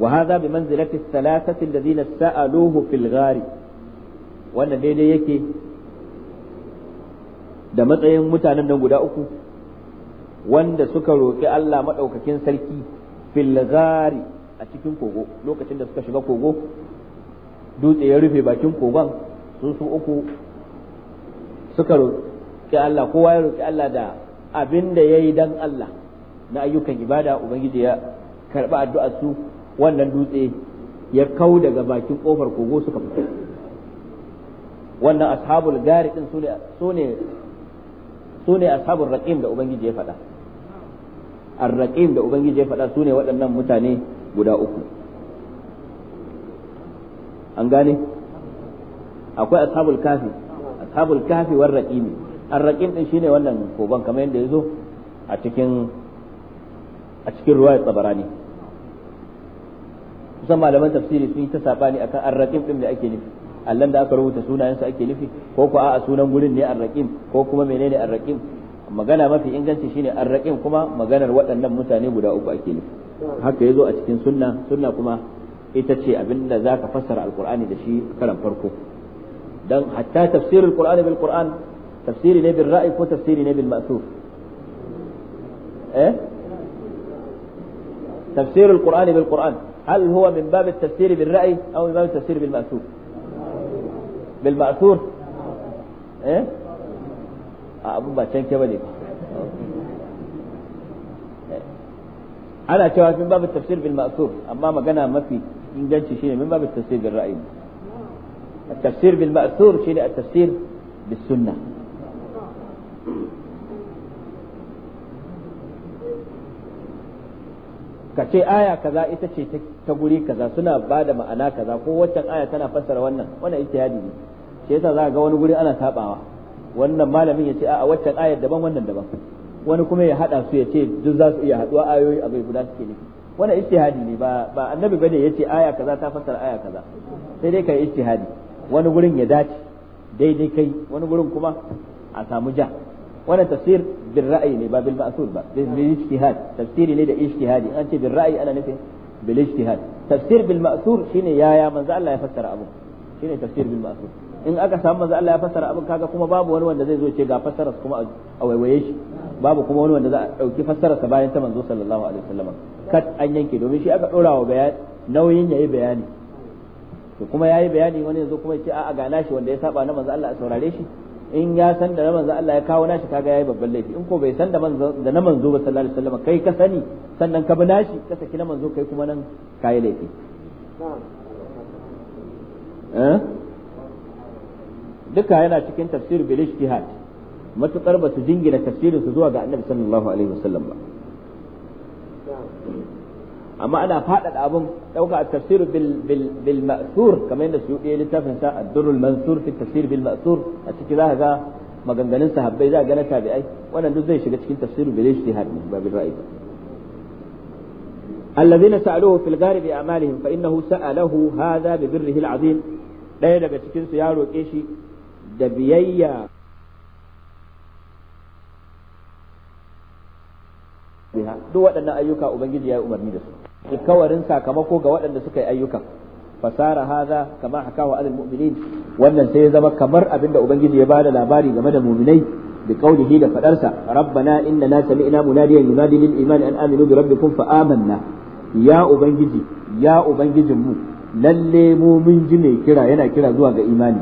wa hadha bi manzilati thalathati alladhina sa'aluhu fil ghari wannan daidai yake da matsayin mutanen nan guda uku wanda suka roƙi Allah maɗaukakin sarki fil a cikin kogo lokacin da suka shiga kogo dutse ya rufe bakin kogon sun su uku suka sai Allah kowa ya roki Allah da abin da yayi dan Allah na ayyukan ibada ubangiji ya karba addu'ar su wannan dutse ya kau daga bakin kofar kogo suka fita wannan ashabul gari din sune sune sune ashabul raqim da ubangiji ya faɗa ar-raqim da ubangiji ya faɗa sune waɗannan mutane guda uku an gane akwai ashabul kafi ashabul kafi war raqimi ɗin ɗin shine wannan koban kamar yadda ya zo a cikin a cikin tsabara ne kusan malaman tafsiri sun yi ta sabani akan arraƙin ɗin da ake nufi allan da aka rubuta sunayensu ake nufi ko ko a sunan gurin ne arraƙin ko kuma menene arraƙin magana mafi inganci shine arraƙin kuma maganar waɗannan mutane guda uku ake nufi haka ya zo a cikin sunna sunna kuma ita ce abinda ka fassara Alƙur'ani da shi karan farko dan hatta tafsirul alƙur'ani bil ƙur'an. تفسيري ليه بالرأي فو تفسيري ليه بالمأثور ايه تفسير القرآن بالقرآن هل هو من باب التفسير بالرأي أو من باب التفسير بالمأثور بالمأثور إيه آه، أبو باتشان كبدي إيه. أنا شوهد من باب التفسير بالمأثور أما ما كان ما في إنجاز شيء من باب التفسير بالرأي التفسير بالمأثور شيء التفسير بالسنة ka ce aya kaza ita ce ta guri kaza suna ba da ma'ana kaza ko waccan aya tana fassara wannan wannan yadi ne shi yasa za ga wani guri ana sabawa wannan malamin ya ce a waccan ayar daban wannan daban wani kuma ya hada su ya ce duk za su iya haduwa ayoyi abai guda suke nufi wannan ijtihadi ne ba ba annabi bane ya ce aya kaza ta fassara aya kaza sai dai kai ijtihadi wani gurin ya dace daidai kai wani gurin kuma a samu ja wannan tafsir bin ra'ayi ne ba bil ma'sul ba bil ijtihad tafsiri ne da ijtihadi an ce bil ra'ayi ana nufin bil ijtihad tafsir bil ma'sul shine yaya manzo Allah ya fassara abu shine tafsir bil ma'sul in aka samu manzo Allah ya fassara abin kaga kuma babu wani wanda zai zo ce ga fassararsa kuma a waiwaye shi babu kuma wani wanda za a dauki fassararsa bayan ta manzo sallallahu alaihi wasallam kat an yanke domin shi aka dora wa bayani nauyin yayi bayani to kuma yayi bayani wani yanzu kuma ya ce a'a ga nashi wanda ya saba na manzo Allah a saurare shi in ya san da manzo Allah ya kawo nashi kaga yayi babban laifi in ko bai san da manzo da na manzo ba sallallahu alaihi wasallam kai ka sani sannan ka bi nashi ka saki na manzo kai kuma nan kai laifi eh duka yana cikin tafsir bil ijtihad matukar ba su jingina tafsirin su zuwa ga annabi sallallahu alaihi wasallam ba amma ana faɗaɗa abin ɗauka a tafsir bil ma'thur kamar yadda suyuɗi ya littafin sa ad-durrul mansur fi tafsir bil a ciki za ka ga maganganun sahabbai za ka ga na tabi'ai wannan duk zai shiga cikin tafsir bil ijtihad ne ba bil ra'yi ba alladhina sa'aluhu fil ghari a'malihim fa innahu sa'alahu hadha bi birrihi al-'azim ɗaya daga cikin su ya roƙe shi da biyayya duk waɗannan ayyuka ubangiji ya yi umarni da su alkawarin sakamako ga waɗanda suka yi ayyukan fasara hadha kama wa alal mu'minin wannan sai ya zama kamar abinda ubangiji ya bada labari game da mu'minai bi qawlihi da fadarsa rabbana na, sami'na munadiyan yunadi lil iman an aminu bi rabbikum fa amanna ya ubangiji ya ubangijin mu lalle mu mun ji mai kira yana kira zuwa ga imani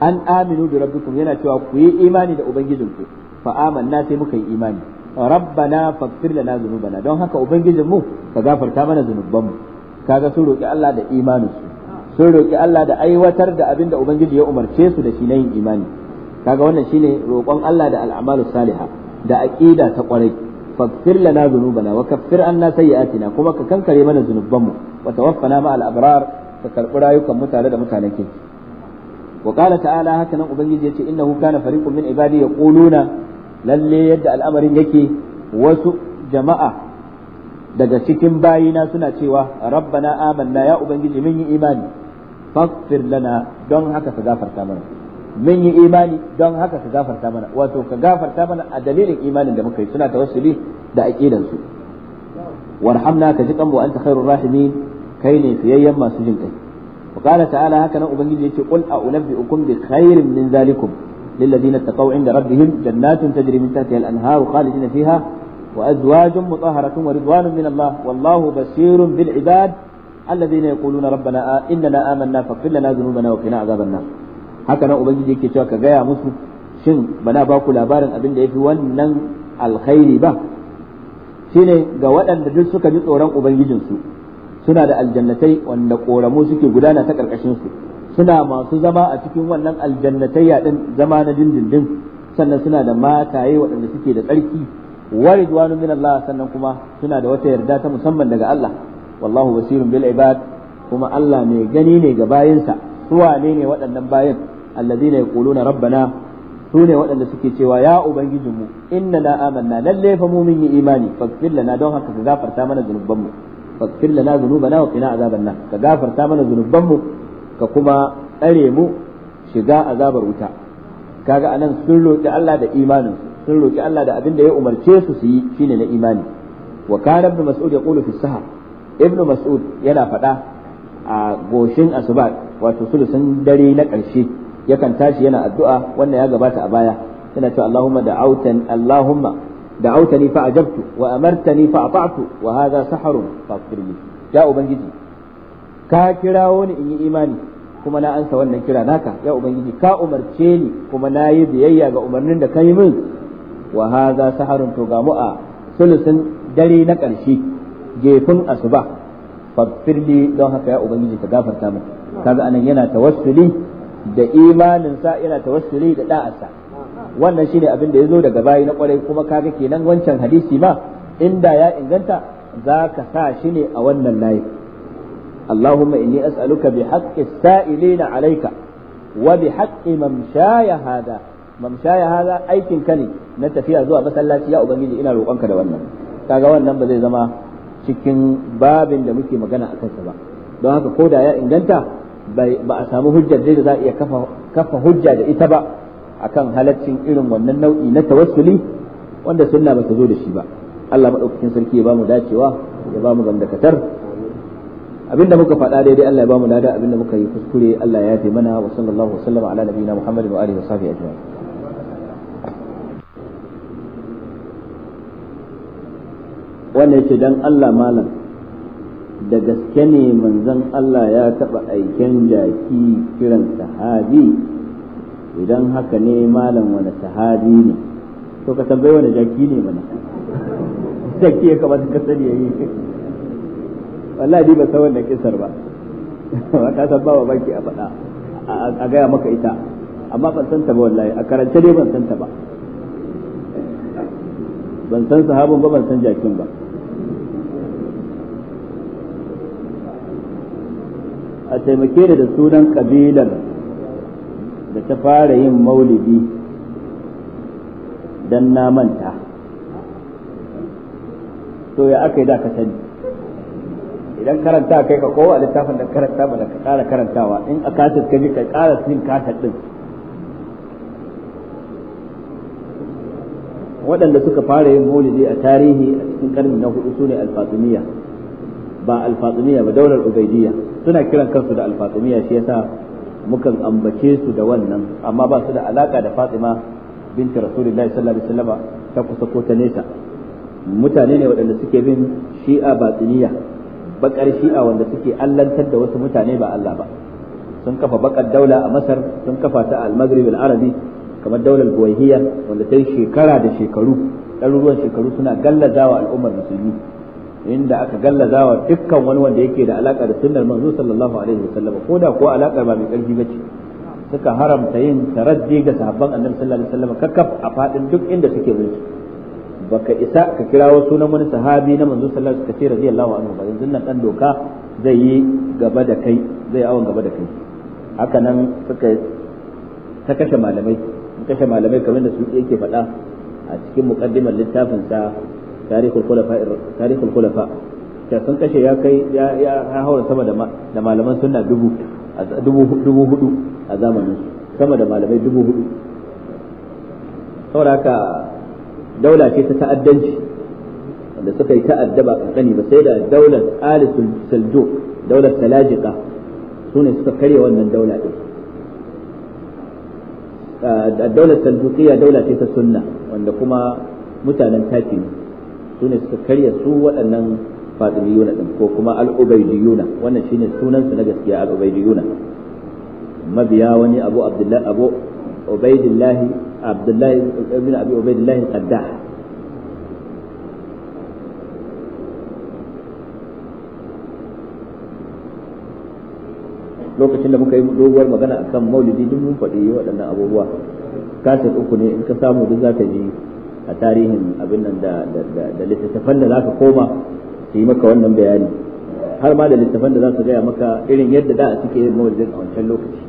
an aminu bi rabbikum yana cewa ku yi imani da ubangijinku fa amanna sai muka yi imani rabbana faghfir lana dhunubana don haka ubangijin mu ka gafarta mana zunuban mu kaga sun roki Allah da imanin su sun roki Allah da aiwatar da abinda da ubangiji ya umarce su da shi na yin imani kaga wannan shine roƙon Allah da al'amalu Saliha da aqida ta kwarai faghfir lana dhunubana wa kaffir anna sayyi'atina kuma ka kankare mana zunuban mu wa tawaffana ma al-abrar ka karbi rayukan mutane da mutanen wa qala ta'ala haka nan ubangiji yace innahu kana fariqun min ibadi yaquluna lalle yadda al'amarin yake wasu jama'a daga cikin bayina suna cewa rabbana amanna ya ubangiji mun yi imani faghfir lana don haka ka gafarta mana mun yi imani don haka ka gafarta mana wato ka gafarta mana a dalilin imanin da muka yi suna tawassuli da aqidan su warhamna ka ji kanmu anta khairur rahimin kai ne fiyayyen masu jin kai ta'ala haka وقال تعالى هكذا أبنجي يقول bi بخير min ذلكم للذين اتقوا عند ربهم جنات تجري من تحتها الأنهار خالدين فيها وأزواج مطهرة ورضوان من الله والله بصير بالعباد الذين يقولون ربنا إننا آمنا فاغفر لنا ذنوبنا وقنا عذاب النار هكذا أبنجي كي تشوك غاية مسلم شن بنا باكو لابارن أبن دي في ونن الخير با shine ga waɗanda duk suka ji tsoron ubangijinsu suna da aljannatai wanda ƙoramu suke gudana ta ƙarƙashinsu su suna masu zama a cikin wannan aljannatayya din zama na dindindin sannan suna da mataye waɗanda suke da tsarki wa ridwanu min Allah sannan kuma suna da wata yarda ta musamman daga Allah wallahu basirun bil ibad kuma Allah mai gani ne ga bayinsa su wane ne waɗannan bayin allazina yaquluna rabbana su ne waɗanda suke cewa ya ubangijinmu inna na amanna lalle fa mu mun yi imani faghfir lana don haka ka gafarta mana zanubanmu faghfir lana zunubana wa qina azaban nar ka gafarta mana zanubanmu ka kuma tsare mu shiga azabar wuta kaga anan sun roƙi Allah da imanin sun roƙi Allah da abin da ya umarce su su yi shine na imani wa kana ibn mas'ud yaqulu fi sahar ibn mas'ud yana faɗa a goshin asuba wato sulusun dare na ƙarshe yakan tashi yana addu'a wannan ya gabata a baya yana cewa Allahumma da'autan Allahumma da'autani fa ajabtu wa amartani fa ata'tu wa hadha saharun faghfirli ya ubangiji ka kirawo ni in yi imani kuma na ansa wannan kira naka ya ubangiji ka umarce ni kuma na yi biyayya ga umarnin da ka yi min wa hadha saharun to gamu a sulusin dare na ƙarshe gefin asuba fafirli don haka ya ubangiji ka gafarta min kaga anan yana tawassuli da imanin sa yana tawassuli da da'arsa wannan shine abin da ya zo daga bayi na kwarai kuma kaga kenan wancan hadisi ma inda ya inganta zaka sa shi ne a wannan layi اللهم إني أسألك بحق السائلين عليك وبحق ممشاي هذا ممشاي هذا أي كني نتفيها زوا مسلاتي يا أبنجي إنا روقانك دوانا kaga wannan ba zai zama cikin babin da muke magana a kansa ba don haka ko da ya inganta ba a samu hujjar da za a iya kafa hujja da ita ba akan halaccin irin wannan nau'i na tawasuli wanda sunna ba ta zo da shi ba Allah maɗa'ukacin sarki ya bamu dacewa ya ba mu gamdakatar abinda muka faɗa daidai Allah ya bamu lada abinda muka yi kuskure Allah ya yafe mana wa sallallahu wasallama ala nabiyina Muhammad wa alihi wa sahbihi ajma'in wanda yake dan Allah malam da gaske ne manzon Allah ya taɓa aiken jaki kiran sahabi idan haka ne malam wani sahabi ne to ka tambayi wani jaki ne mana jaki ya kamata ka sani yayi wallahi ni ba san wannan kisar ba ka san ba banki a faɗa a gaya maka ita amma ban san ta ba wallahi a karance dai ban san ta ba ban san sahabin ba ban san jakin ba a taimake da sunan kabilar da ta fara yin maulidi don na manta to ya aka yi da ka sani idan karanta kai ka kowa littafin da karanta ba ka karantawa in a kasar ka ji ka ƙara sin kasar din waɗanda suka fara yin maulidi a tarihi a cikin karni na hudu su ne alfatsuniya ba alfatsuniya ba daular ubaidiyya suna kiran kansu da alfatsuniya shi yasa mukan ambace su da wannan amma ba su da alaka da fatima binti rasulullahi sallallahu alaihi wasallam ta kusa ko ta nesa mutane ne waɗanda suke bin shi'a batsiniya bakar shi'a wanda suke allantar da wasu mutane ba Allah ba sun kafa bakar daula a Masar sun kafa ta al-Maghrib al-Arabi kamar daular Buwayhiya wanda ta yi shekara da shekaru ɗaruruwan shekaru suna gallazawa al'ummar musulmi inda aka gallazawa dukkan wani wanda yake da alaka da sunnar manzo sallallahu alaihi wasallam ko da ko alakar ba mai karfi bace suka haramta yin taraddi ga sahabban annabi sallallahu alaihi wasallam kakkaf a fadin duk inda suke mulki baka isa ka kirawo sunan wani sahabi na manzo sallallahu alaihi wasallam kace radiyallahu anhu ba yanzu nan dan doka zai yi gaba da kai zai awon gaba da kai haka nan suka ta kashe malamai kashe malamai kamar da su yake faɗa a cikin muqaddimar littafin sa tarikhul khulafa tarikhul khulafa ta sun kashe ya kai ya ya haura sama da da malaman sunna dubu dubu hudu a zamanin sama da malamai dubu hudu saboda haka daula ce ta ta'addanci wanda suka yi ta'adda ba kankani ba sai da daular ali saljuk daular salajika su ne suka karya wannan daula ɗin daular saljukiya daula ce ta sunna wanda kuma mutanen taki ne su ne suka karya su waɗannan fatimiyuna ɗin ko kuma al'ubaidiyuna wannan shine sunansu na gaskiya al'ubaidiyuna mabiya wani abu abdullahi abu ubaidillahi abdullahi ابي عبيد الله qaddah lokacin da muka yi doguwar magana akan maulidi duk mun faɗi waɗannan abubuwa kasir uku ne in ka samu duk zaka ji a tarihin abin nan da da littattafan da za ka koma su yi maka wannan bayani har ma da littattafan da za su gaya maka irin yadda da suke yin maulidin a wancan lokaci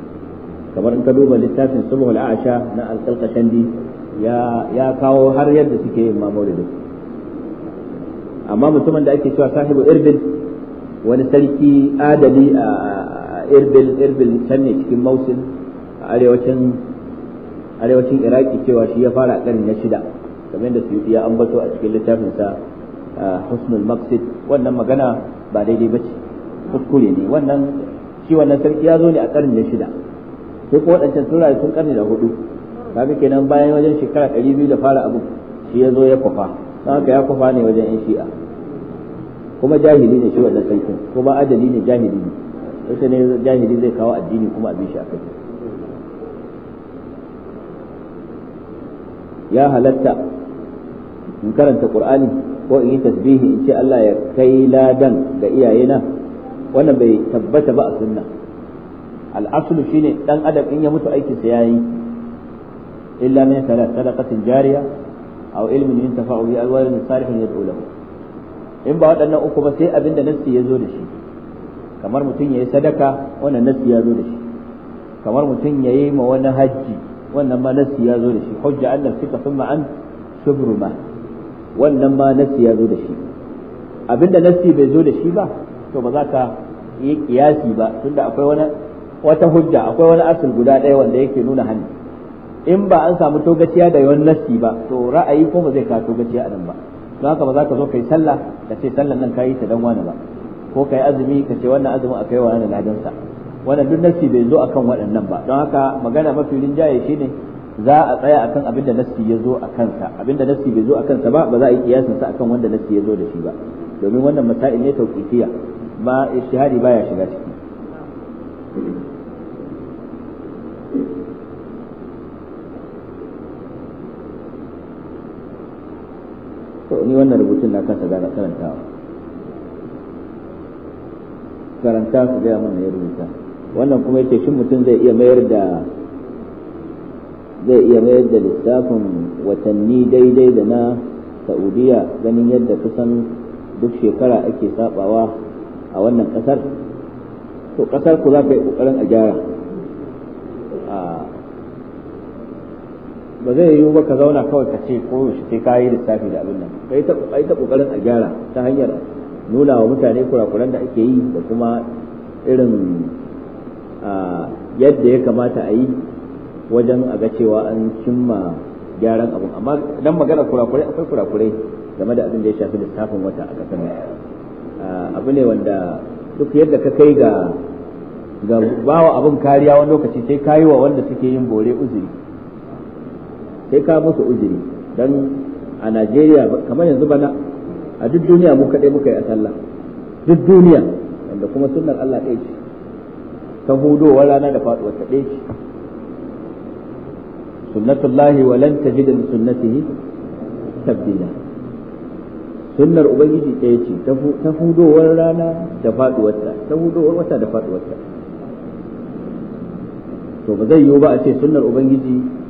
kamar in ka duba littafin subhul a'sha na al-qalqashandi ya ya kawo har yadda suke yin maulidin amma mutumin da ake cewa sahibu irbil wani sarki adali a irbil irbil can ne cikin mausin a arewacin arewacin iraki cewa shi ya fara karni na shida kamar yadda su ya ambato a cikin littafinsa husnul maqsid wannan magana ba daidai bace kuskure ne wannan shi wannan sarki ya zo ne a karni na shida sai ko waɗancan sun rayu tun karni da hudu kaga kenan bayan wajen shekara ɗari biyu da fara abu shi ya zo ya kwafa don haka ya kwafa ne wajen yan shi'a kuma jahili ne shi wannan sarkin kuma adali ne jahili ne wasu ne jahili zai kawo addini kuma a shi a kai ya halatta in karanta qur'ani ko in yi tasbihi in ce Allah ya kai ladan ga iyayena wannan bai tabbata ba a sunna al'asulu shine dan adam in ya mutu aikin sa yayi illa min salat sadaqatin jariya aw ilmin yuntafa'u bi alwarin salihin yad'u lahu in ba waɗannan uku ba sai abinda nassi ya zo da shi kamar mutum yayi sadaka wannan nassi ya zo da shi kamar mutum yayi ma wani hajji wannan ma nassi ya zo da shi hujja annal fika thumma an subruma wannan ma nassi ya zo da shi abinda nassi bai zo da shi ba to ba za ka yi kiyasi ba tunda akwai wani wata hujja akwai wani asal guda ɗaya wanda yake nuna hannu in ba an samu togaciya da yawan nassi ba to ra'ayi ko ba zai kawo togaciya a nan ba don haka ba za ka zo yi sallah ka ce sallan nan ka yi ta dan wani ba ko ka yi azumi ka ce wannan azumin akai wa wani ladan sa wannan duk nassi bai zo akan waɗannan ba don haka magana mafi rinjaye ne za a tsaya akan abin da nassi ya zo a kansa abin da nassi bai zo a kansa ba ba za a yi kiyasin sa akan wanda nassi ya zo da shi ba domin wannan masail ne tauqifiya ba ijtihadi baya shiga ciki to ni wannan rubutun na kansa gana karantawa karanta su gaya mana ya rubuta wannan kuma yake shi mutum zai iya mayar da zai iya mayar da lissafin watanni daidai da na saudiya ganin yadda kusan duk shekara ake sabawa a wannan kasar to kasar ku za ka yi kokarin a gyara ba zai yiwu ba ka zauna kawai ka ce ko shi sai ka yi lissafi da abin nan kai ta kai ta kokarin a gyara ta hanyar nuna wa mutane kurakuran da ake yi da kuma irin yadda ya kamata a yi wajen a ga cewa an cimma gyaran abu amma dan magana kurakurai akwai kurakurai game da abin da ya shafi lissafin wata a kasan abu ne wanda duk yadda ka kai ga ga bawa abin kariya wani lokaci sai kayi wa wanda suke yin bore uzuri sai ka musu uzuri dan a Najeriya kamar yanzu bana a duk duniya mu kaɗai muka yi a sallah duk duniya wanda kuma sunnar Allah ɗaya ce ta hudowar rana da faɗuwar ta ɗaya ce sunnatullahi wa lan tajid sunnatihi tabdila sunnar ubangiji ɗaya ce ta hudowar rana da faɗuwar ta ta hudowar wata da faɗuwar ta to ba zai yiwu ba a ce sunnar ubangiji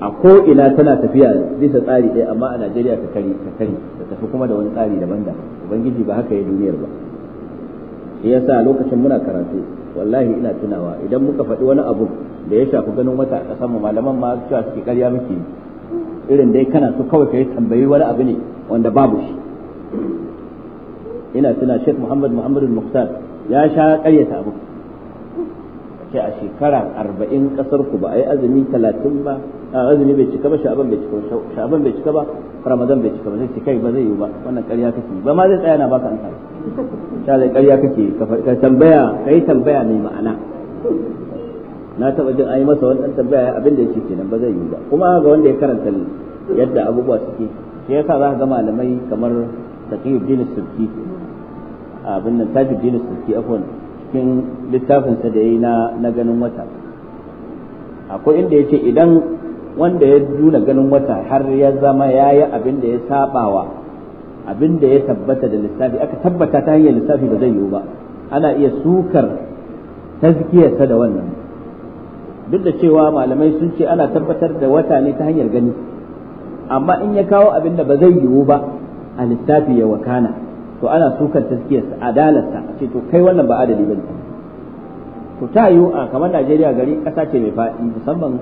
a ko ina tana tafiya bisa tsari ɗaya amma a Najeriya ta kari ta kari ta tafi kuma da wani tsari daban da ubangiji ba haka ya duniyar ba shi yasa lokacin muna karatu wallahi ina tunawa idan muka faɗi wani abu da ya shafi ganin wata a ƙasar malaman ma cewa suke ƙarya muke irin dai kana so kawai kai tambayi wani abu ne wanda babu shi ina tuna Sheikh Muhammad Muhammad Muktar ya sha ƙaryata abu ce a shekara arba'in ƙasar ku ba a yi azumi talatin ba azumi bai cika ba sha'aban bai cika ba sha'aban bai cika ba ramadan bai cika ba zai cika ba zai yi ba wannan ƙarya kake ba ma zai tsaya na baka ansa sha zai ƙarya kake ka tambaya kai tambaya mai ma'ana na taba jin ayi masa wannan tambaya abin da yake kenan ba zai yi ba kuma ga wanda ya karanta yadda abubuwa suke shi yasa za ka ga malamai kamar din sirki abin nan tajuddin sulki afwan cikin littafin sa da yayi na na ganin wata akwai inda yace idan wanda ya juna ganin wata har ya zama ya yi abin da ya sabawa abin da ya tabbata da lissafi aka tabbata ta hanyar lissafi ba zai yiwu ba ana iya sukar tazkiyarsa da wannan duk da cewa malamai sun ce ana tabbatar da wata ne ta hanyar gani amma in ya kawo abin da ba zai yiwu ba a lissafi ya wakana to ana sukar tazkiyarsa adalarsa a ce to kai wannan ba adali bane to ta yiwu a kamar Najeriya gari ƙasa ce mai faɗi musamman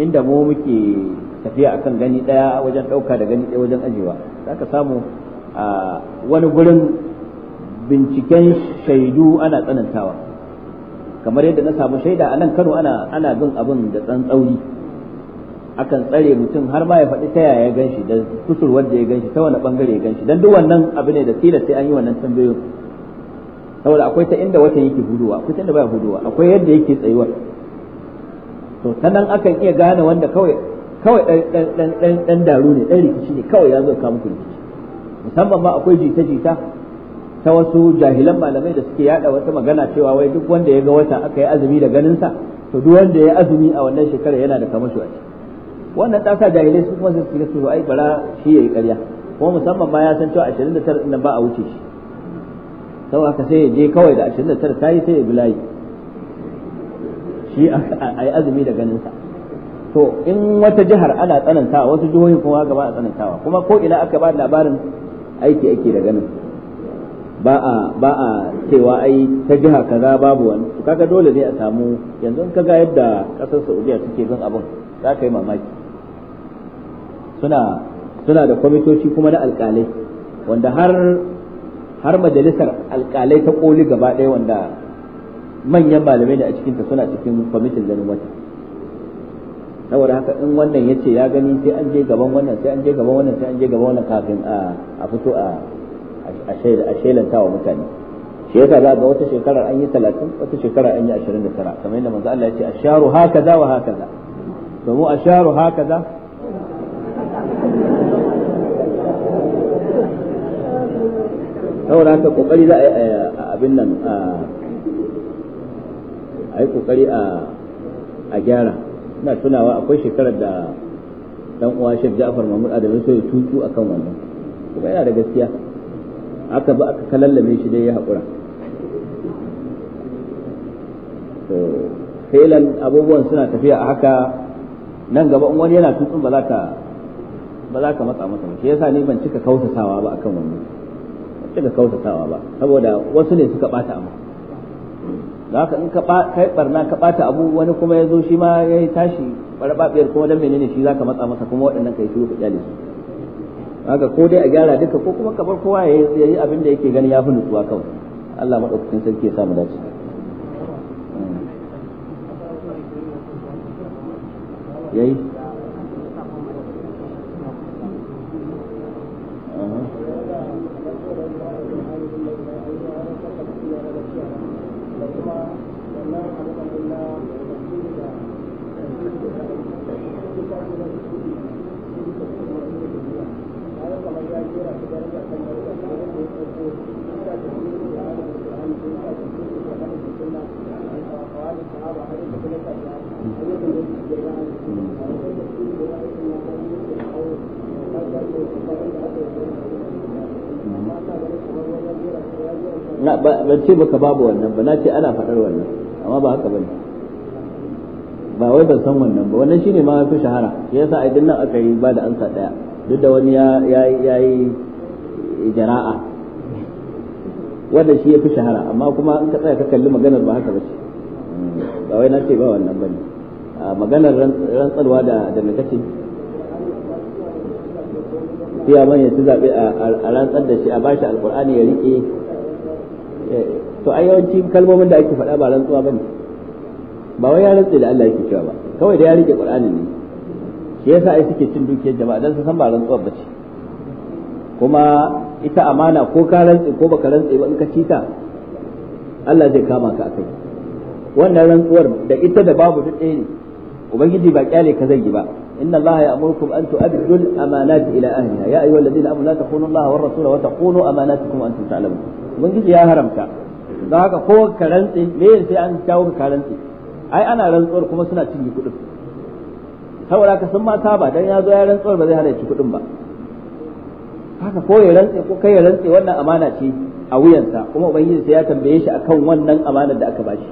inda mu muke tafiya akan gani daya wajen dauka da gani daya wajen ajewa zaka samu a wani gurin binciken shaidu ana tsanantawa kamar yadda na samu shaida a nan Kano ana ana bin abin da tsantsauri akan tsare mutum har ma ya faɗi ta yaya ya ganshi da kusur da ya ganshi ta wani ɓangare ya ganshi don duk wannan abu ne da tilas sai an yi wannan tambayoyin saboda akwai ta inda watan yake huduwa akwai ta inda baya huduwa akwai yadda yake tsayuwar to ta nan akan iya gane wanda kawai kawai dan daru ne dan rikici ne kawai ya zo ka muku rikici musamman ma akwai jita-jita ta wasu jahilan malamai da suke yada wata magana cewa wai duk wanda ya ga wata aka yi azumi da sa to duk wanda ya azumi a wannan shekarar yana da kamasho a wannan ta sa jahilai su kuma su shiga su ai bara shi yayi ƙarya kuma musamman ma ya san cewa 29 din nan ba a wuce shi saboda haka sai ya je kawai da 29 yi sai ya bi layi shi a yi azumi da ganinsa to in wata jihar ana tsanantawa wasu jihohin kuma haka ba a tsanantawa kuma ko ina aka ba labarin aiki ake da ganin ba a ba a cewa ai ta jiha kaza babu wani to kaga dole ne a samu yanzu ga yadda kasar Saudiya suke bin abin za ka yi mamaki suna suna da kwamitoci kuma na alkalai wanda har har majalisar alkalai ta koli gaba ɗaya wanda manyan malamai da a cikin suna cikin kwamitin ganin wata saboda haka in wannan ya ce ya gani sai an je gaban wannan sai an je gaban wannan sai an je gaban wannan kafin a fito a a shelanta wa mutane shi yasa za ga wata shekarar an yi talatin, wata shekarar an yi ashirin da tara, kamar yadda manzo Allah ya ce asharu hakaza wa haka hakaza to mu asharu hakaza saboda haka kokari za a abin nan a yi kokari a gyara ina tunawa akwai shekarar da dan uwa Sheikh Ja'far Mahmud Adam sai ya tutu akan wannan kuma yana da gaskiya aka ba aka kalallame shi dai ya haƙura to felan abubuwan suna tafiya a haka nan gaba in wani yana tutun ba za ka ba za ka matsa masa shi yasa ni ban cika kautatawa ba akan wannan cika kautatawa ba saboda wasu ne suka bata amma da haka in ka kai barna ka bata abu wani kuma ya zo shi ma ya yi tashi barbabiyar kuma dan menene shi zaka matsa masa kuma waɗannan kai shiru ka kyale su haka ko dai a gyara duka ko kuma bar kowa ya yi abin da yake gani ya fi nutsuwa kawai Allah madaukakin sarki ya samu mu dace yayi ce maka babu wannan ba na ce ana faɗar wannan amma ba haka bane ba wai ban san wannan ba wannan shine ma fi shahara shi yasa a dinnan aka yi ba da ansa daya duk da wani ya ya yi jara'a wannan shi ya fi shahara amma kuma in ka tsaya ka kalli maganar ba haka ba ce ba wai na ce ba wannan bane maganar rantsarwa da da me kace sai man ya ci zabe a rantsar da shi a bashi alqur'ani ya rike to ai yawanci kalmomin da ake faɗa ba rantsuwa ba ne ba wai ya rantse da Allah yake cewa ba kawai da ya rike Qur'ani ne shi yasa ai suke cin dukiyar jama'a dan su san ba rantsuwa ce kuma ita amana ko ka rantse ko baka rantse ba in ka ci Allah zai kama ka akai wannan rantsuwar da ita da babu duk ɗaya ne ubangiji ba kyale ka zai yi ba إن الله يأمركم أن تؤدوا الأمانات إلى أهلها يا أيها الذين آمنوا لا تخونوا الله والرسول وتخونوا أماناتكم وأنتم تعلمون ubangiji ya haramta don haka ko ka rantse me sai an jawo ka rantse ai ana rantsuwar kuma suna cinye kuɗin saboda ka sun ma saba dan ya zo ya rantsuwar ba zai hana ci kuɗin ba haka ko ya rantse ko kai ya rantse wannan amana ce a wuyansa kuma ubangiji sai ya tambaye shi akan wannan amanar da aka bashi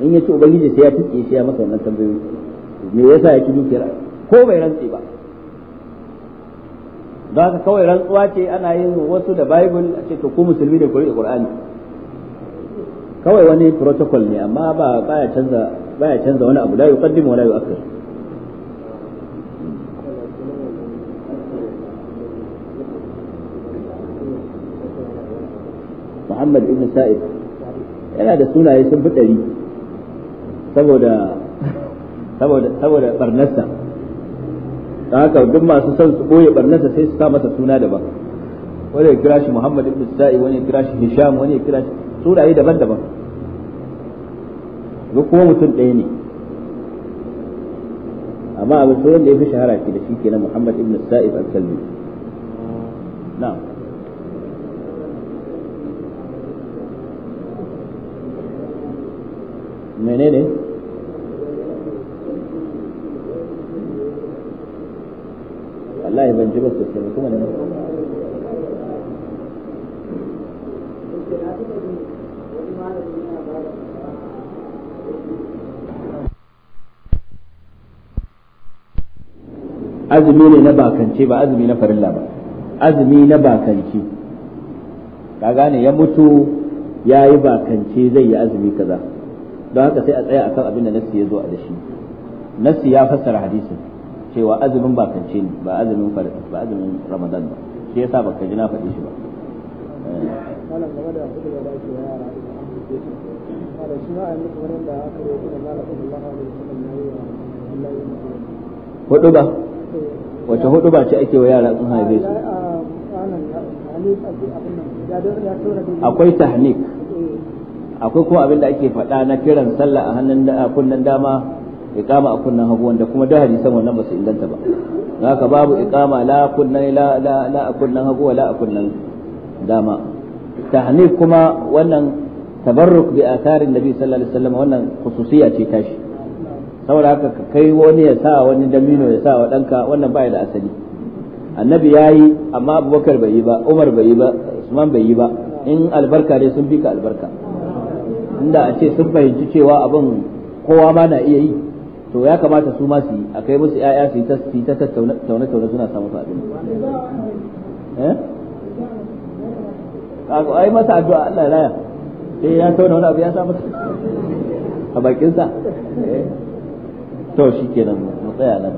in ya ci ubangiji sai ya tike shi ya masa wannan tambayoyi me yasa ya ci dukiyar ko bai rantse ba za ka kawai rantsuwa ce ana yin wasu da bible a ce to ku musulmi da ku riƙe qur'ani kawai wani protocol ne amma ba baya canza baya canza wani abu la yuqaddimu wala yu'akhir Muhammad ibn Sa'id yana da sunaye sun fi ɗari saboda saboda saboda barnarsa da haka duk masu son su boye barnarsa sai su sa masa suna daban wani ya kira shi Muhammad ibn Sa'i wani ya kira shi Hisham wani ya kira shi sunaye daban-daban duk kuma mutum ɗaya ne amma abin sunan da ya fi shahara ke da shi ke na Muhammad ibn sa'id al-Kalbi na'am menene wallahi ban ji ba ce, ba kuma ne azumi ne na bakance ba azumi na farilla ba azumi na bakance ka gane ya mutu ya yi bakance zai yi azumi kaza don haka sai a tsaya akan abin da nassi ya zo a da shi nassi ya fassara hadisin cewa azumin ba kance ne ba azumin farko ba azumin ramadan ba shi yasa baka ji na faɗi shi ba malam hudu ba eh, wace hudu ba ce ake wa yara sun haife su akwai tahnik eh. akwai kuma abin da ake faɗa na kiran sallah a hannun kunnen dama iqama a kunnan hagu wanda kuma da hadisan wannan ba su inganta ba haka babu iqama la kunnan la la la a kunnan hagu wala a kunnan dama tahnif kuma wannan tabarruk bi atharin nabi sallallahu alaihi wasallam wannan khususiya ce tashi saboda haka kai wani ya sa wani damino ya sa wa danka wannan ba ya da asali annabi yayi amma abubakar bai yi ba umar bai yi ba usman bai yi ba in albarka ne sun bi ka albarka inda a ce sun fahimci cewa abin kowa ma na iya yi to ya kamata su ma su yi a kai musu ya'ya su yi ta tattaune taune suna samu abin eh kaga ai masa addu'a Allah ya raya sai eh, ya tauna wani abu ya samu masa a bakin sa eh. to shikenan mu tsaya nan